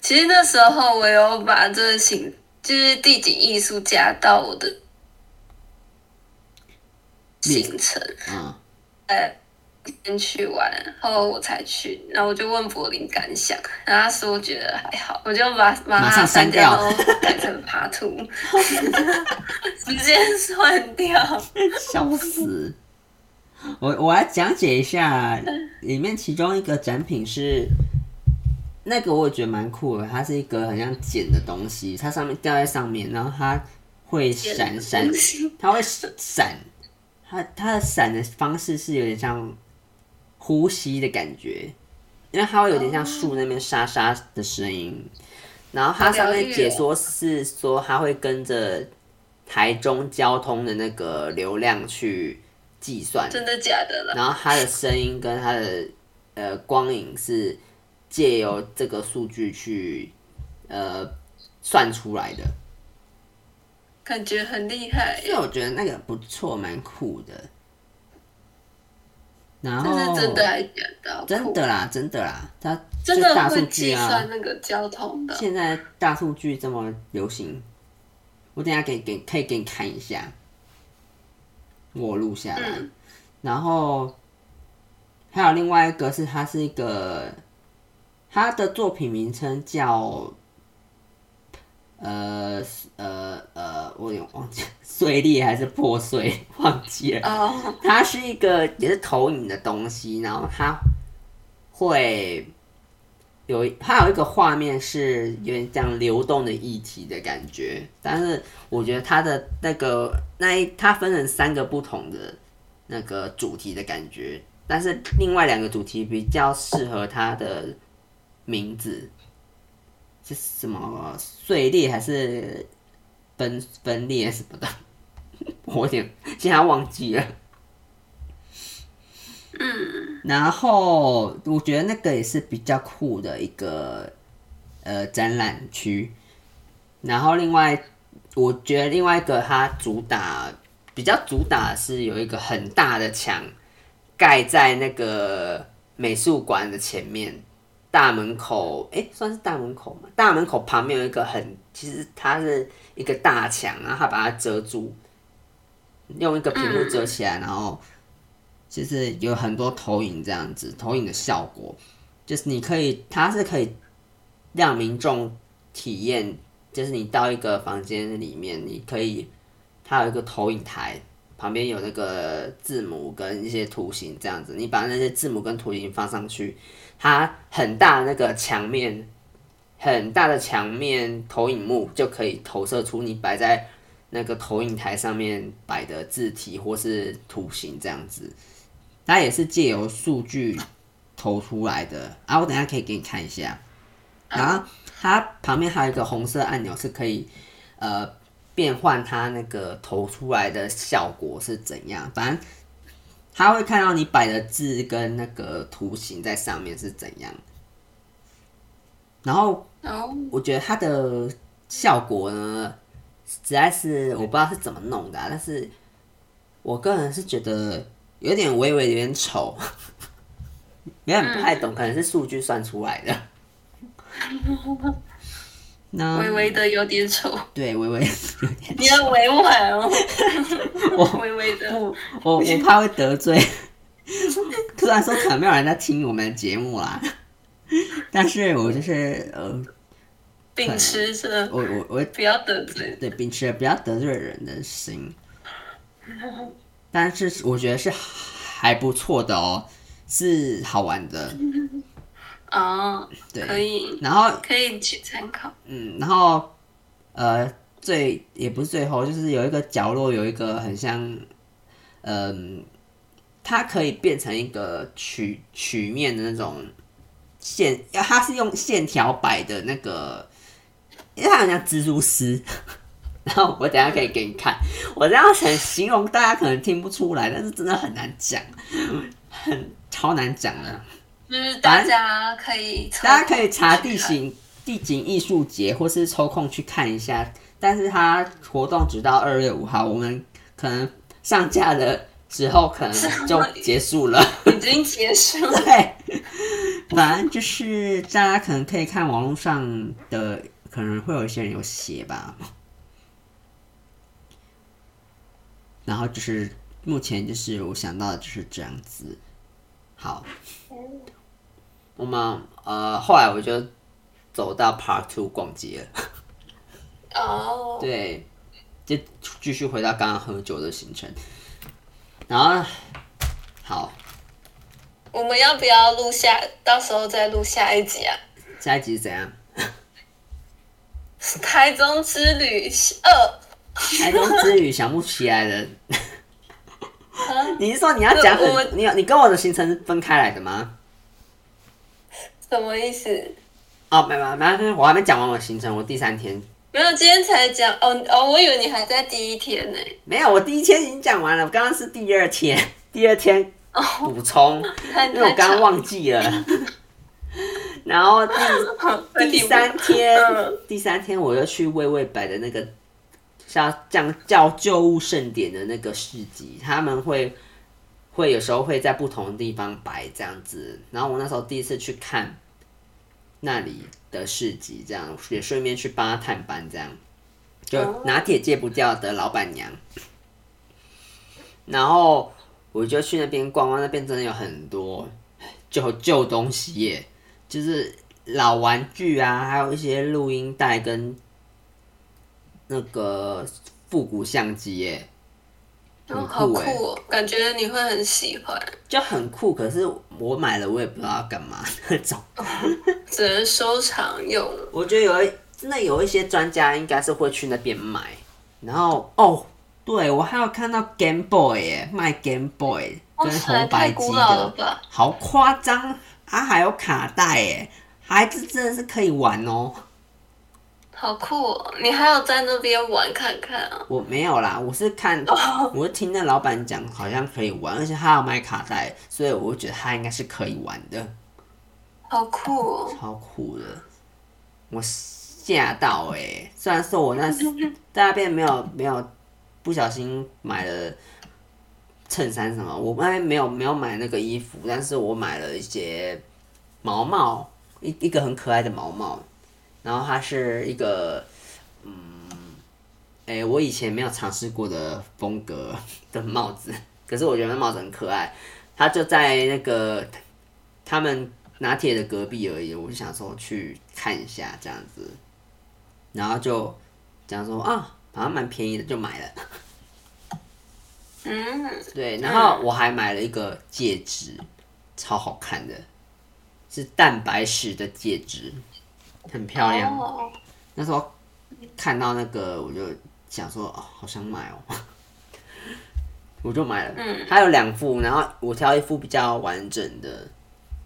其實那時候我有把這行就是地景藝術加到我的行程先去玩，然後我才去，然後我就問柏霖感想，然後他說我覺得還好，我就把，把馬上刪掉，改成爬圖，直接換掉，笑死！我我來講解一下，裡面其中一個展品是那個，我也覺得蠻酷的，它是一個很像剪的東西，它上面掉在上面，然後它會閃閃，它會閃閃，它它的閃的方式是有點像。呼吸的感覺，因為它會有點像樹那邊沙沙的聲音。Oh. 然後它上面解說是說，它會跟着台中交通的那個流量去計算，真的假的了？然後它的聲音跟它的呃光影是借由這個數據去呃算出來的，感覺很厲害。所以我覺得那個不錯，蠻酷的。然後但是真的還，真的啦，真的啦，它這個大數據啊、會計算那個交通的。現在大數據這麼流行，我等一下給給可以給你看一下，我錄下來。嗯、然後還有另外一個是，它是一個它的作品名稱叫。呃呃呃，我有點忘記，碎裂還是破碎，忘記了。它是一個也是投影的東西，然後它會有它有一個畫面是有點像流動的液體的感覺。但是我覺得它的那個那一它分成三個不同的那個主題的感覺，但是另外兩個主題比較適合它的名字。是什麼碎裂，還是分分裂什麼的？我有點現在忘記了。然後我覺得那個也是比較酷的一個呃展覽區。然後另外，我覺得另外一個它主打，比較主打是有一個很大的牆蓋在那個美術館的前面。大門口，哎、欸，算是大門口嗎？大門口旁邊有一個很，其實它是一個大牆，然後它把它遮住，用一個屏幕遮起來，然後其實有很多投影這樣子，投影的效果就是你可以，它是可以讓民眾體驗，就是你到一個房間裡面，你可以它有一個投影臺，旁邊有那個字母跟一些圖形這樣子，你把那些字母跟圖形放上去。它很大，那個牆面很大的牆面投影幕就可以投射出你擺在那個投影台上面擺的字體或是圖形這樣子。它也是借由數據投出來的啊，我等一下可以給你看一下。然後它旁邊還有一個紅色按鈕是可以呃變換它那個投出來的效果是怎樣，反正。他會看到你擺的字跟那個圖形在上面是怎樣，然後，我覺得它的效果呢，實在是我不知道是怎麼弄的，啊，但是我個人是覺得有點微微有點醜，有點不太懂，可能是數據算出來的，嗯。 No, 微微的有點醜，對微微有點。你要委婉哦， 我微微的不，我我,我怕會得罪。雖然說可能沒有人在聽我們的節目啦，但是我就是呃，秉持著。是我我我不要得罪，對秉持著不要得罪人的心。 但是我覺得是還不錯的哦，是好玩的。哦、oh，對，可以，然後可以去參考。嗯，然後，呃，最也不是最後，就是有一個角落有一個很像，嗯、呃，它可以變成一個曲曲面的那種線，它是用線條擺的那個，因為它很像蜘蛛絲。然後我等一下可以給你看，我這樣想形容大家可能聽不出來，但是真的很難講，很超難講的。就、嗯、是大家可以，可以，大家可以查地形，這個、地景藝術節，或是抽空去看一下。但是它活動只到二月五號，我們可能上架的時候可能就結束了，已經結束了。 對，反正就是大家可能可以看網絡上的，可能會有一些人有寫吧。然後就是目前就是我想到的就是這樣子，好。嗯我們呃，後來我就走到 part two 逛街。哦、oh. 對，就繼續回到剛剛喝酒的行程。然後，好，我們要不要錄下？到時候再錄下一集啊？下一集是怎樣？ 台中之旅呃 台中之旅想不起來了。 huh? 你是說你要講？你要你跟我的行程是分開來的嗎？什麼意思？哦，沒沒沒，我還沒講完我行程。我第三天沒有，今天才講。哦哦，我以為你還在第一天呢。沒有，我第一天已經講完了。我剛剛是第二天，第二天補充、哦，因為我剛剛忘記了。了然後第、 嗯、第三天， 第三天我就去微微擺的那個像像叫、叫舊物盛典的那個市集，他們會。會有時候會在不同的地方擺這樣子，然後我那時候第一次去看那裡的市集，這樣也順便去幫他探班，這樣就拿鐵戒不掉的老闆娘，然後我就去那邊逛，逛，逛那邊真的有很多舊舊東西耶，就是老玩具啊，還有一些錄音帶跟那個復古相機耶。哦、好酷哦、很酷欸，感覺你會很喜歡，就很酷。可是我買了，我也不知道要幹嘛，那種 只能收藏用。我覺得有一真的有一些專家應該是會去那邊買。然後哦、對我還有看到 Game Boy 耶，賣 Game Boy，、哦、跟紅白機的太古老了吧，好誇張啊！還有卡帶耶，孩子真的是可以玩哦。好酷哦！你還有在那邊玩看看啊？我沒有啦，我是看，我是聽那老板講，好像可以玩，而且他有賣卡帶，所以我就覺得他應該是可以玩的。好酷哦！超酷的，我嚇到哎、欸！雖然說我那時在那邊沒有沒有不小心買了襯衫什麼，我外面沒有沒有買那個衣服，但是我買了一些毛毛，一一個很可愛的毛毛。然後它是一個，嗯，哎、欸，我以前沒有嘗試過的風格的帽子，可是我覺得那帽子很可愛。它就在那個他們拿鐵的隔壁而已，我就想說去看一下這樣子，然後就講說啊，好像蠻便宜的，就買了。嗯，對，然後我還買了一個戒指，超好看的，是蛋白石的戒指。很漂亮，oh. 那時候看到那個我就想說哦，好想買哦， 我就買了。嗯，還有兩副，然後我挑一副比較完整的，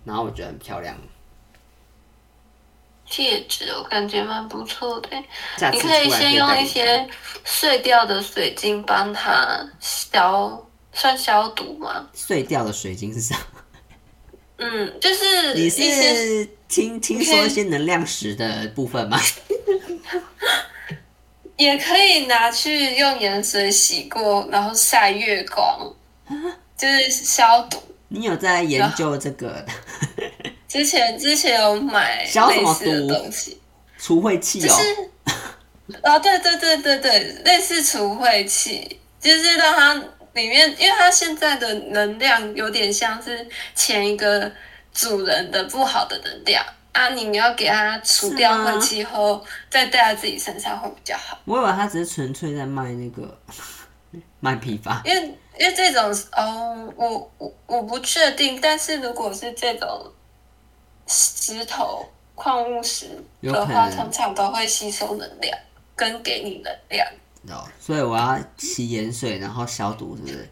然後我覺得很漂亮。戒指我感覺蠻不錯的，對。下次出來可以帶你去。你可以先用一些碎掉的水晶幫它消，算消毒嗎？碎掉的水晶是啥？嗯，就是你是聽聽說一些能量石的部分嗎？也可以拿去用鹽水洗過，然後曬月光、嗯，就是消毒。你有在研究這個？之前之前有買消毒的東西，除晦氣哦。就是、 啊，對對對對對，類似除晦氣，就是讓它。裡面，因為它現在的能量有點像是前一個主人的不好的能量啊，你啊，你要給它除掉晦氣後，再戴在自己身上會比較好。我以為他只是純粹在賣那個賣批發，因為因為這種，嗯、哦，我我我不確定，但是如果是這種石頭、礦物石的話，通常，常都會吸收能量，跟給你能量。哦、no，所以我要洗鹽水，然後消毒，是不是？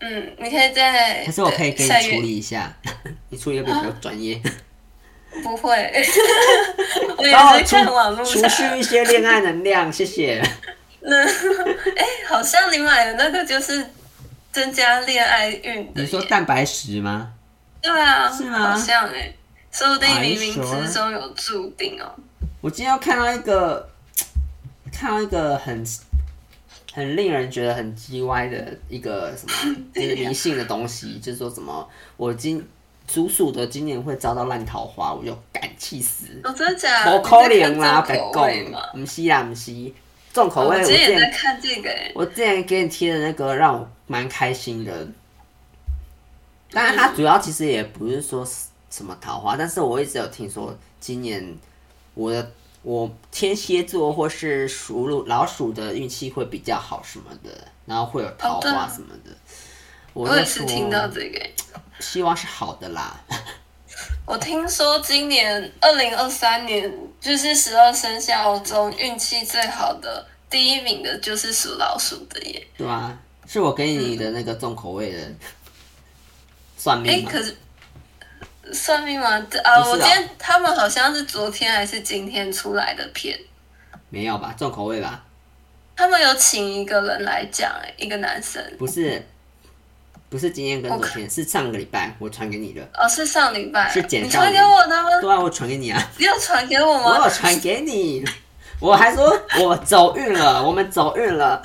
嗯，你可以在。可是我可以給你處理一下，下 你處理會不會比較專業？啊、 不會。然 對 看完 除去 除，除去一些戀愛能量， 謝謝。 那哎、欸，好像你買的那個就是增加戀愛運。你說蛋白石嗎？對啊。是嗎？好像哎、欸，說不定冥冥之中有注定哦、喔。我今天要看到一個，看到一個很。很令人覺得很嘰歪的一個什麼個迷信的東西， 就是說什麼我今鼠、鼠的今年會遭到爛桃花，我就敢氣死！我、哦、真的假的？不可能啦，白口了不是啊，不是、不是重口味。哦、我之前也在看這個我，我之前給你貼的那個讓我蠻開心的，當、嗯、然它主要其實也不是說什麼桃花，但是我一直有聽說今年我的。我天蠍座或是屬鼠老鼠的運氣會比較好什麼的，然後會有桃花什麼的。哦、我，我也是聽到這個，希望是好的啦。 我聽說今年二零二三年就是十二生肖中運氣最好的第一名的就是屬老鼠的耶。對啊，是我給你的那個重口味的、嗯、算命嗎？哎、欸，算命嗎？啊，我今天他們好像是昨天還是今天出來的片，沒有吧？重口味吧？他們有請一個人來講、欸，一個男生，不是，不是今天跟昨天，okay. 是上個禮拜我傳給你的。哦，是上禮拜，是簡章。你傳給我他們，都要會傳給你啊。你要傳給我嗎？我有傳給你，我還說我走運了， 我們走運了。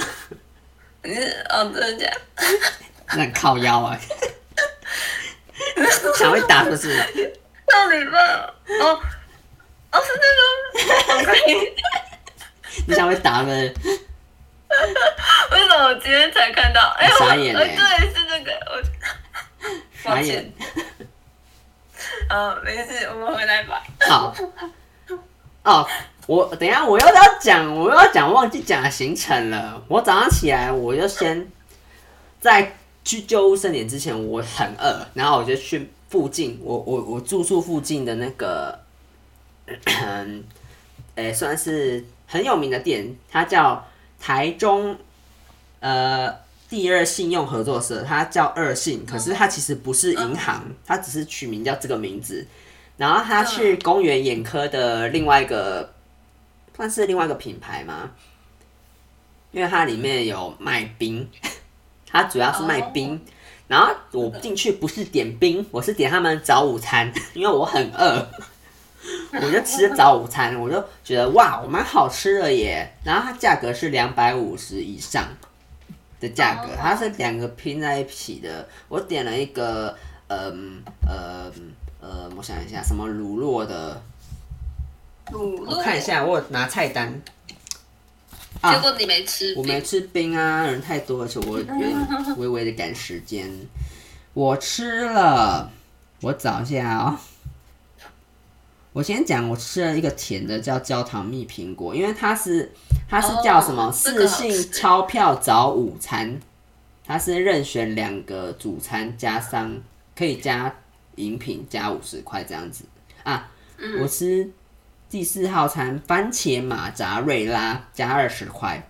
你是哦，真的假的？那很靠腰啊、欸。 想會打是不是？那你嗎？哦，哦是這個。你想會打嗎、哦 哦那個？ 為什麼我今天才看到？哎、啊欸、我，我對是這個我。傻眼。啊、 哦、沒事，我們回來吧。好。哦，我等一下我又要講，我又要講我忘記講行程了。我早上起來我就先在。去舊物盛典之前，我很餓，然後我就去附近，我我我住宿附近的那個，哎、欸，算是很有名的店，它叫台中，呃，第二信用合作社，它叫二信，可是它其實不是銀行，它只是取名叫這個名字。然後他去宮原眼科的另外一個，算是另外一個品牌嗎？因為它裡面有賣冰。他主要是賣冰，然後我進去不是點冰，我是點他們早午餐，因為我很餓，我就吃早午餐，我就覺得哇，我蠻好吃的耶。然後它價格是兩百五十以上的價格，它是兩個拼在一起的。我點了一個呃呃呃，我想，想一下，什麼滷肉的？我看一下，我有拿菜單。啊、結果你沒吃。我沒吃冰啊，人太多，而且我有點微微的趕時間。 我吃了，我找一下哦。我先講，我吃了一個甜的，叫焦糖蜜蘋果，因為它是，它是叫什麼？Oh, 四信鈔票早午餐，它、這個、是任選兩個主餐加上可以加飲品加五十塊這樣子啊、嗯，我吃。第四號餐，番茄馬扎瑞拉加二十塊，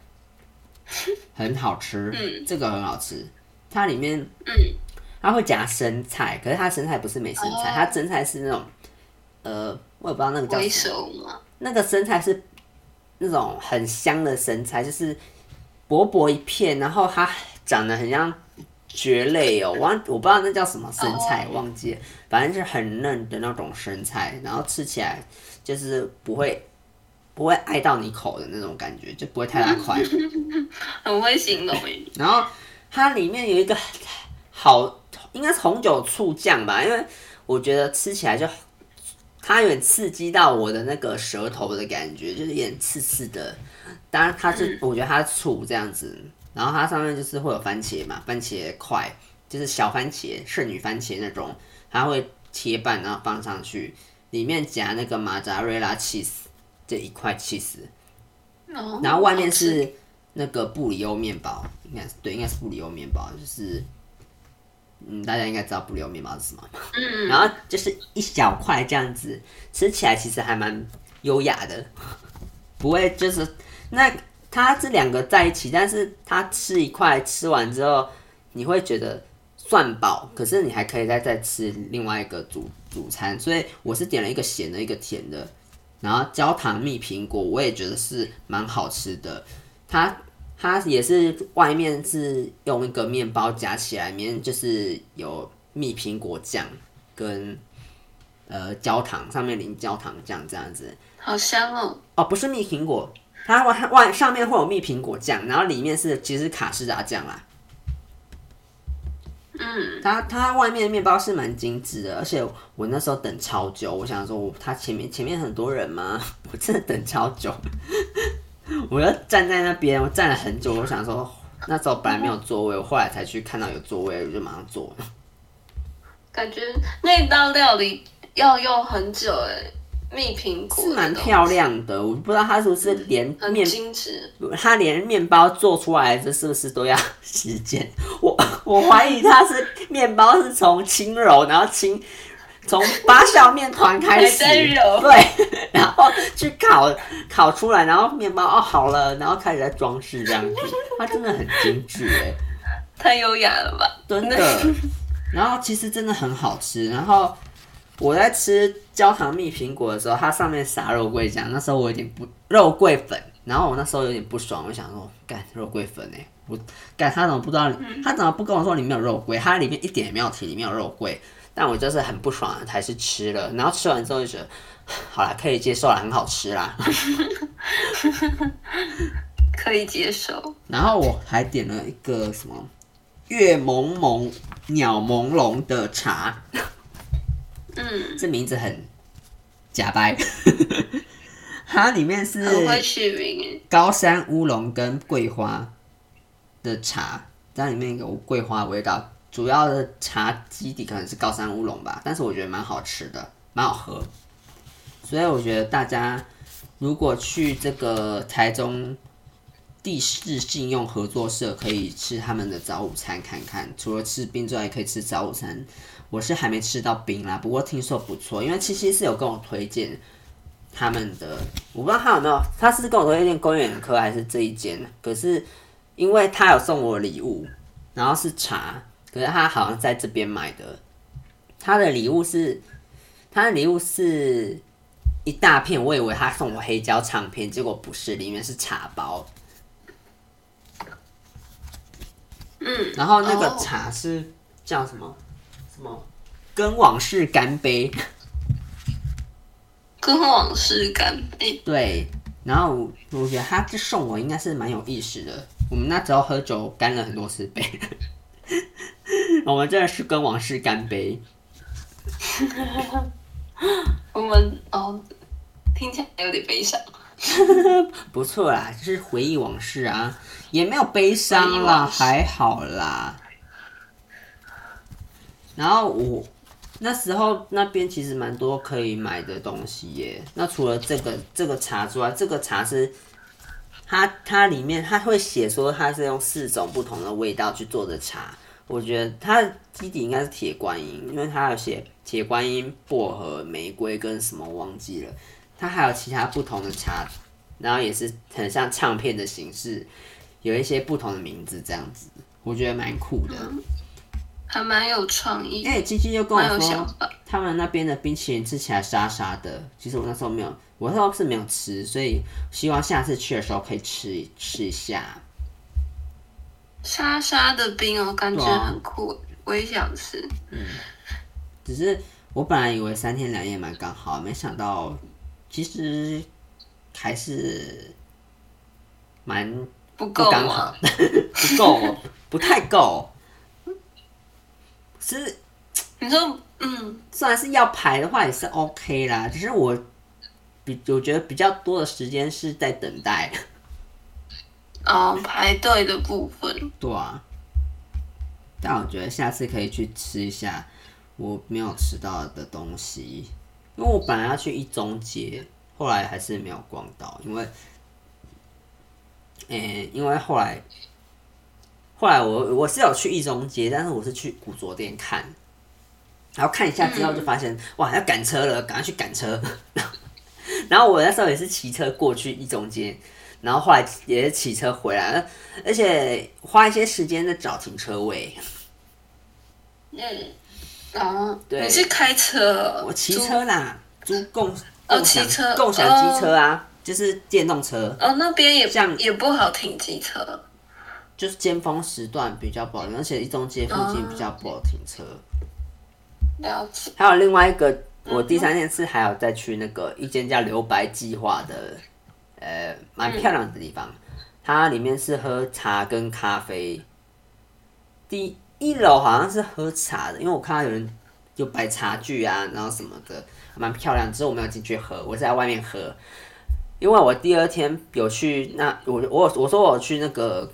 很好吃。嗯，這個很好吃。它裡面，嗯，它會夾生菜，可是它生菜不是美生菜，它生菜是那種，呃，我也不知道那個叫什麼，什麼。那個生菜是那種很香的生菜，就是薄薄一片，然後它長得很像蕨類哦，我我不知道那叫什麼生菜，忘記了，反正是很嫩的那種生菜，然後吃起來。就是不會不會礙到你口的那種感覺，就不會太大塊。 很會形容誒。嗯，然後它裡面有一個好應該是紅酒醋醬吧，因為我覺得吃起來就它有點刺激到我的那個舌頭的感覺，就是有點刺刺的。當然，它是我覺得它醋這樣子，然後它上面就是會有番茄嘛，番茄塊就是小番茄聖女番茄那種，它會切半然後放上去。裡面夾那個馬扎瑞拉 cheese 這一塊 cheese，哦，然後外面是那個布里歐麵包，應該是對，應該是布里歐麵包，就是，嗯，大家應該知道布里歐麵包是什麼，嗯，嗯。然後就是一小塊這樣子，吃起來其實還蠻優雅的，不會就是那它這兩個在一起，但是它吃一塊吃完之後，你會覺得算飽，可是你還可以再再吃另外一個組，午餐，所以我是點了一個鹹的，一個甜的，然後焦糖蜜蘋果，我也覺得是蠻好吃的。它它也是外面是用一個麵包夾起來，裡面就是有蜜蘋果醬跟呃焦糖，上面淋焦糖醬這樣子，好香哦。哦，不是蜜蘋果，它外外上面會有蜜蘋果醬，然後裡面是其實是卡士達醬啦。嗯，他他外面的麵包是蠻精緻的，而且我，我那時候等超久，我想說，我他前面前面很多人嗎？我真的等超久， 我要站在那邊，我站了很久，我想說，那時候本來沒有座位，我後來才去看到有座位，我就馬上坐了。感覺那道料理要用很久誒、欸。蜜蘋果是蠻漂亮的，我不知道它是不是連面，它、嗯、很精緻，連麵包做出來這是不是都要時間？我我懷疑它是 麵包是從輕揉，然後輕從八小麵團開始揉 對，然後去烤，烤出來，然後麵包哦好了，然後開始在裝飾這樣子。它 真的很精致，太優雅了吧？真的。然後其實真的很好吃，然後。我在吃焦糖蜜蘋果的時候，它上面撒肉桂醬。那時候我有點不肉桂粉，然後我那時候有點不爽，我想說，幹肉桂粉呢、欸？我幹他怎麼不知道、嗯？他怎麼不跟我說裡面有肉桂？它裡面一點也沒有提裡面有肉桂，但我就是很不爽，還是吃了。然後吃完之後就覺得，好啦，可以接受啦，很好吃啦， 可以接受。然後我還點了一個什麼月朦朦、鳥朦朧的茶。嗯，這名字很假掰， 它裡面是高山烏龍跟桂花的茶，它裡面有桂花的味道，主要的茶基底可能是高山烏龍吧，但是我覺得蠻好吃的，蠻好喝，所以我覺得大家如果去這個台中。第四信用合作社可以吃他們的早午餐，看看除了吃冰之外，也可以吃早午餐。我是還沒吃到冰啦，不過聽說不錯，因為七七是有跟我推薦他們的，我不知道他有沒有，他是跟我推薦宮原眼科還是這一間？可是因為他有送我禮物，然後是茶，可是他好像在這邊買的。他的禮物是他的禮物是一大片，我以為他送我黑膠唱片，結果不是，裡面是茶包。嗯，然後那個茶是叫什麼？哦、什麼？跟往事乾杯。跟往事乾杯。對，然後我，我覺得他這送我應該是蠻有意思的。我們那時候喝酒乾了很多次杯， 我們真的是跟往事乾杯。 我們哦，聽起來有點悲傷。 不錯啦，就是回憶往事啊。也沒有悲傷了，還好啦。然後我、哦、那時候那邊其實蠻多可以買的東西耶。那除了這個這個茶之外，這個茶是它它裡面它會寫說它是用四種不同的味道去做的茶。我覺得它的基底應該是鐵觀音，因為它有寫鐵觀音、薄荷、玫瑰跟什麼忘記了。它還有其他不同的茶，然後也是很像唱片的形式。有一些不同的名字，這樣子我覺得蠻酷的，嗯、還蠻有創意。哎、欸，晶晶又跟我說，他們那邊的冰淇淋吃起來沙沙的。其實我那時候沒有，我那時候是沒有吃，所以希望下次去的時候可以吃吃一下沙沙的冰哦，感覺很酷、啊，我也想吃。嗯，只是我本來以為三天兩夜蠻剛好，沒想到其實還是蠻。不夠、啊、剛好， 不夠夠、喔， 不太夠。其實你說，嗯，算是要排的話也是 OK 啦，只是我比我覺得比較多的時間是在等待。嗯，排隊的部分。對啊，但我覺得下次可以去吃一下我沒有吃到的東西，因為我本來要去一中街，後來還是沒有逛到，因為。哎、欸，因為後來，後來我我是有去一中街，但是我是去古着店看，然後看一下之後就發現、嗯、哇要趕車了，趕快去趕車。 然後我那時候也是騎車過去一中街，然後後來也是騎車回來，而且花一些時間在找停車位。嗯啊，對、你是開車？我騎車啦，租共騎、呃、共享機車、呃、車啊。就是電動車哦，那邊也像也不好停機車，就是尖峰時段比較不好停，而且一中街附近比較不好停車、哦。了解。還有另外一個，我第三件事還有再去那個、嗯、一間叫留白計劃的，呃，蠻漂亮的地方、嗯，它裡面是喝茶跟咖啡。第一樓好像是喝茶的，因為我看到有人就擺茶具啊，然後什麼的，蠻漂亮。只是我沒有進去喝，我是在外面喝。因為我第二天有去那，我我我說我去那個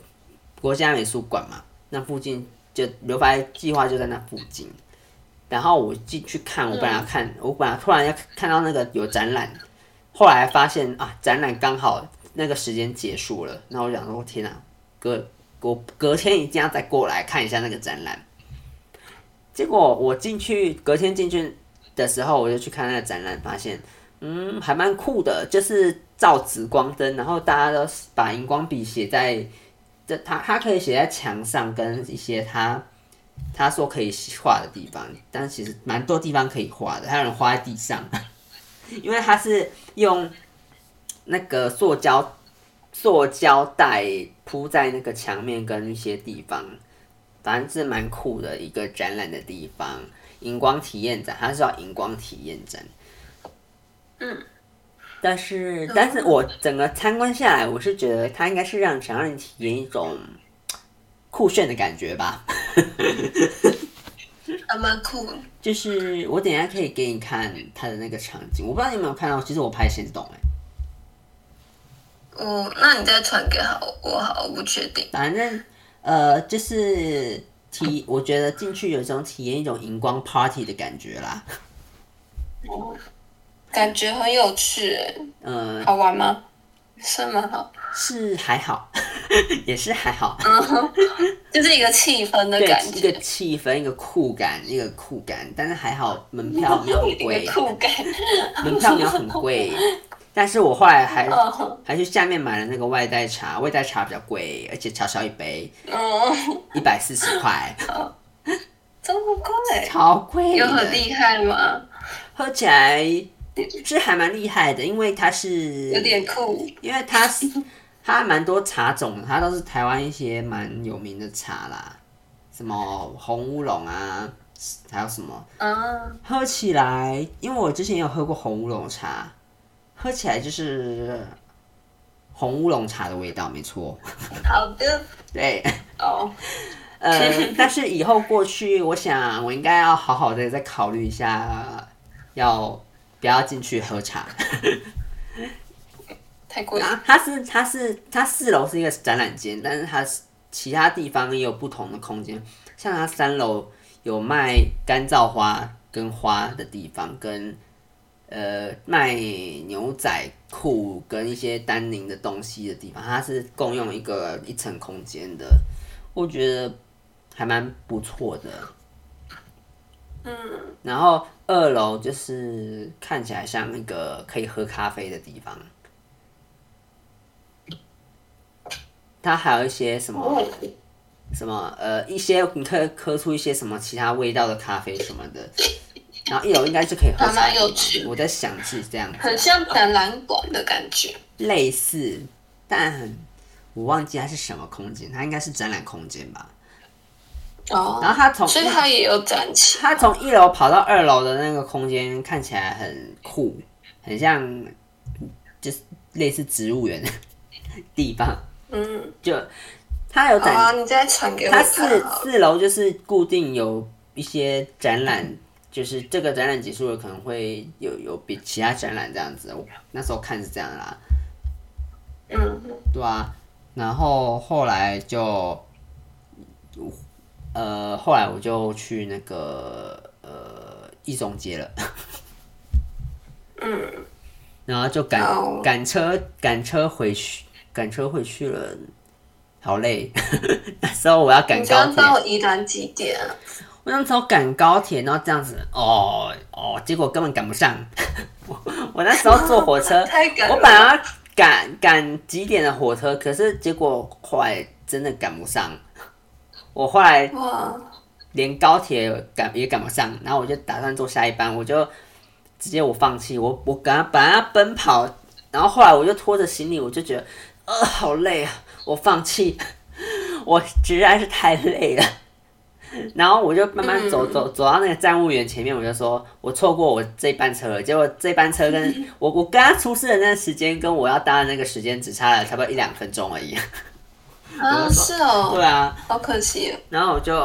國家美術館嘛，那附近就留白計劃就在那附近。然後我進去看，我本來看，我本來突然要看到那個有展覽，後來發現啊，展覽剛好那個時間結束了。那我想說，我天哪，啊，隔我隔天一定要再過來看一下那個展覽。結果我進去隔天進去的時候，我就去看那個展覽，發現嗯，還蠻酷的，就是。照紫光燈，然後大家都把熒光筆寫在這，它它可以寫在牆上，跟一些它，他說可以畫的地方，但其實蠻多地方可以畫的，還有人畫在地上， 因為它是用那個塑膠塑膠帶鋪在那個牆面跟一些地方，反正是蠻酷的一個展覽的地方，熒光體驗展，它是叫熒光體驗展，嗯。但是，但是我整個參觀下來，我是覺得它應該是讓想讓你體驗一種酷炫的感覺吧。 蠻酷，就是我等下可以給你看它的那個場景，我不知道你有沒有看到。其實我拍先懂洞哎。哦、嗯，那你再傳給好我好，我不確定。反正呃，就是體，我覺得進去有一種體驗一種熒光 party 的感覺啦。 感覺很有趣、欸，嗯、呃，好玩嗎？是嗎好，是還好，也是還好，嗯，就是一個氣氛的感覺，一個氣氛，一個酷感，一個酷感，但是還好，門票沒有貴，酷感，門票沒有很貴，但是我後來還、嗯、還去下面買了那個外帶茶，外帶茶比較貴，而且超小，小一杯，一百四十塊，這麼貴，超貴，有很厲害嗎？喝起來。是還蠻厲害的，因為它是有點酷，因為它是它蠻多茶種的，它都是台灣一些蠻有名的茶啦，什麼紅烏龍啊，還有什麼啊，uh. 喝起來，因為我之前有喝過紅烏龍茶，喝起來就是紅烏龍茶的味道，沒錯。 好的，對，哦、oh.，呃， 但是以後過去，我想我應該要好好的再考慮一下要。不要進去喝茶， 太貴了。啊，它是，它是，它四樓是一個展覽間，但是它其他地方也有不同的空間，像它三樓有賣乾燥花跟花的地方，跟呃賣牛仔褲跟一些丹寧的東西的地方，它是共用一個一層空間的，我覺得還蠻不錯的。嗯，然後二樓就是看起來像那個可以喝咖啡的地方，它還有一些什麼什麼呃一些，你可以喝出一些什麼其他味道的咖啡什麼的。然後一樓應該就可以喝茶。蠻有趣，我在想是這樣，啊，很像展覽館的感覺，啊、類似，但很，我忘記它是什麼空間，它應該是展覽空間吧。哦、oh，然後他從，所以他也有展起、嗯，他從一樓跑到二樓的那個空間看起來很酷，很像就是類似植物園的地方。嗯，就他有展啊，你在給我。他四四樓就是固定有一些展覽，嗯、就是這個展覽結束了可能會有有比其他展覽這樣子。那時候看是這樣的啦。嗯，對啊。然後後來就。呃呃，後來我就去那個呃一中街了，嗯，然後就趕趕車趕車回去，趕車回去了，好累。 那時候我要趕高鐵，剛到宜蘭幾點啊？我想說趕高鐵，然後這樣子，哦哦，結果根本趕不上。 我我那時候坐火車， 我本來趕趕幾點的火車，可是結果快真的趕不上。我後來連高鐵趕也趕不上，然後我就打算坐下一班，我就直接我放棄，我我趕，本來要奔跑，然後後來我就拖着行李，我就覺得呃好累啊，我放棄，我實在是太累了，然後我就慢慢走、嗯、走走到那個站務員前面，我就說，我錯過我這班車了，結果這班車跟、嗯、我我剛剛出事的那個時間跟我要搭的那個時間只差了差不多一兩分鐘而已。啊，是哦、喔，對啊，好可惜。然後我就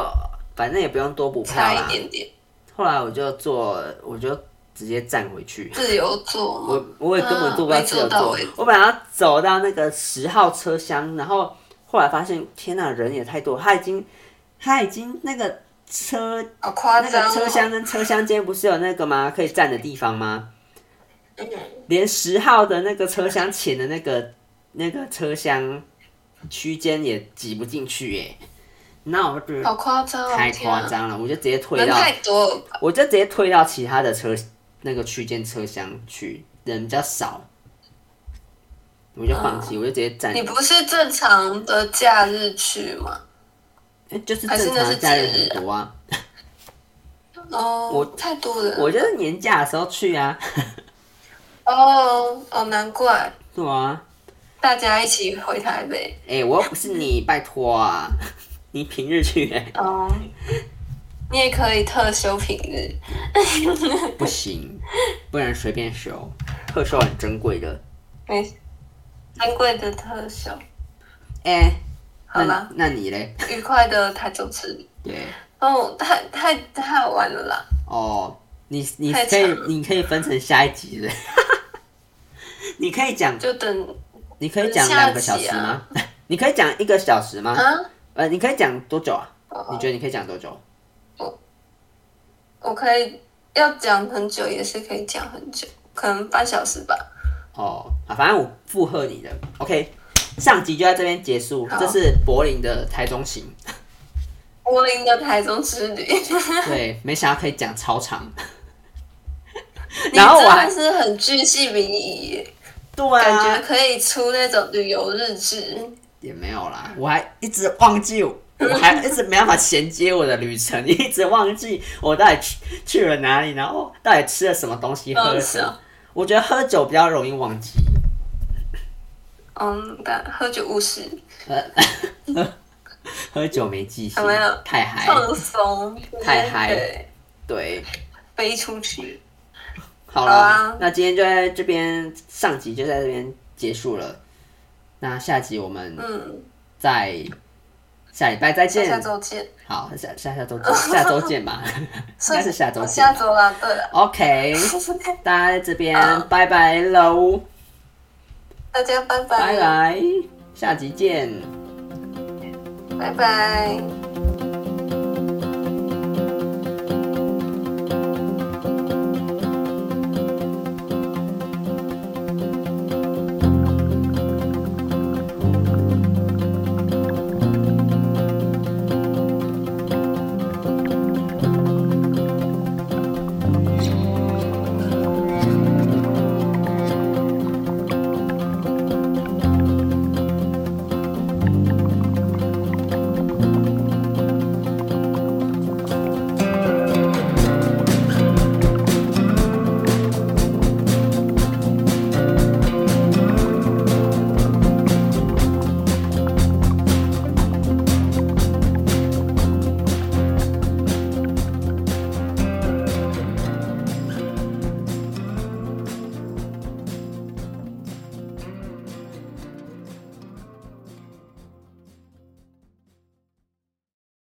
反正也不用多補票啦，差一點點，後來我就坐，我就直接站回去。自由坐？我我也根本坐不到自由坐。啊、我本來要走到那個十號車廂，然後後來發現，天吶、啊，人也太多，他已經他已經那個車啊、誇張、哦、那個車廂跟車廂間不是有那個嗎？可以站的地方嗎？嗯、連十號的那個車廂前的那個那個車廂。區間也擠不進去耶、欸，那我覺得好誇張，太誇張了、啊，我就直接退到，我就直接退到其他的車那個區間車廂去，人比較少，我就放棄、嗯，我就直接站。你不是正常的假日去嗎？欸、就是正常的假日很多啊。哦、啊， oh, 我太多人了，我就是年假的時候去啊。哦，好難怪。對啊。大家一起回台北。哎、欸，我又不是你，拜託啊！ 你平日去哦，oh, 你也可以特休平日。 不行，不然隨便休。特休很珍貴的，沒珍貴的特休。哎、欸，好了，那你嘞？愉快的台中吃。對哦、oh,，太太太好玩了啦！哦、oh,，你你可以你可以分成下一集的。 你可以講就等。你可以講兩個小時嗎？可啊、 你可以講一個小時嗎？啊？呃，你可以講多久啊，好好？你覺得你可以講多久？我，我可以要講很久，也是可以講很久，可能八小時吧。哦，好，反正我附和你的。OK，上集就在這邊結束。這是柏霖的台中行， 柏霖的台中之旅。 對，沒想到可以講超長，然後我還是很巨細靡遺。對啊，感覺可以出那種旅遊日誌。也沒有啦，我還一直忘記，我還一直沒辦法銜接我的旅程， 一直忘記我到底去去了哪裡，然後到底吃了什麼東西，喝了什麼。我覺得喝酒比較容易忘記。嗯，對，喝酒誤事 喝酒沒記性。有有太嗨了。放鬆。太嗨了。對。飛出去。好了、啊，那今天就在這邊，上集就在這邊結束了。那下集我們嗯，再下禮拜再見，下周見。好，下下週、下周、下周見吧， 應該是下周見，下周啦。對了，OK， 大家在這邊拜拜嘍，大家拜拜，拜拜，下集見，拜拜。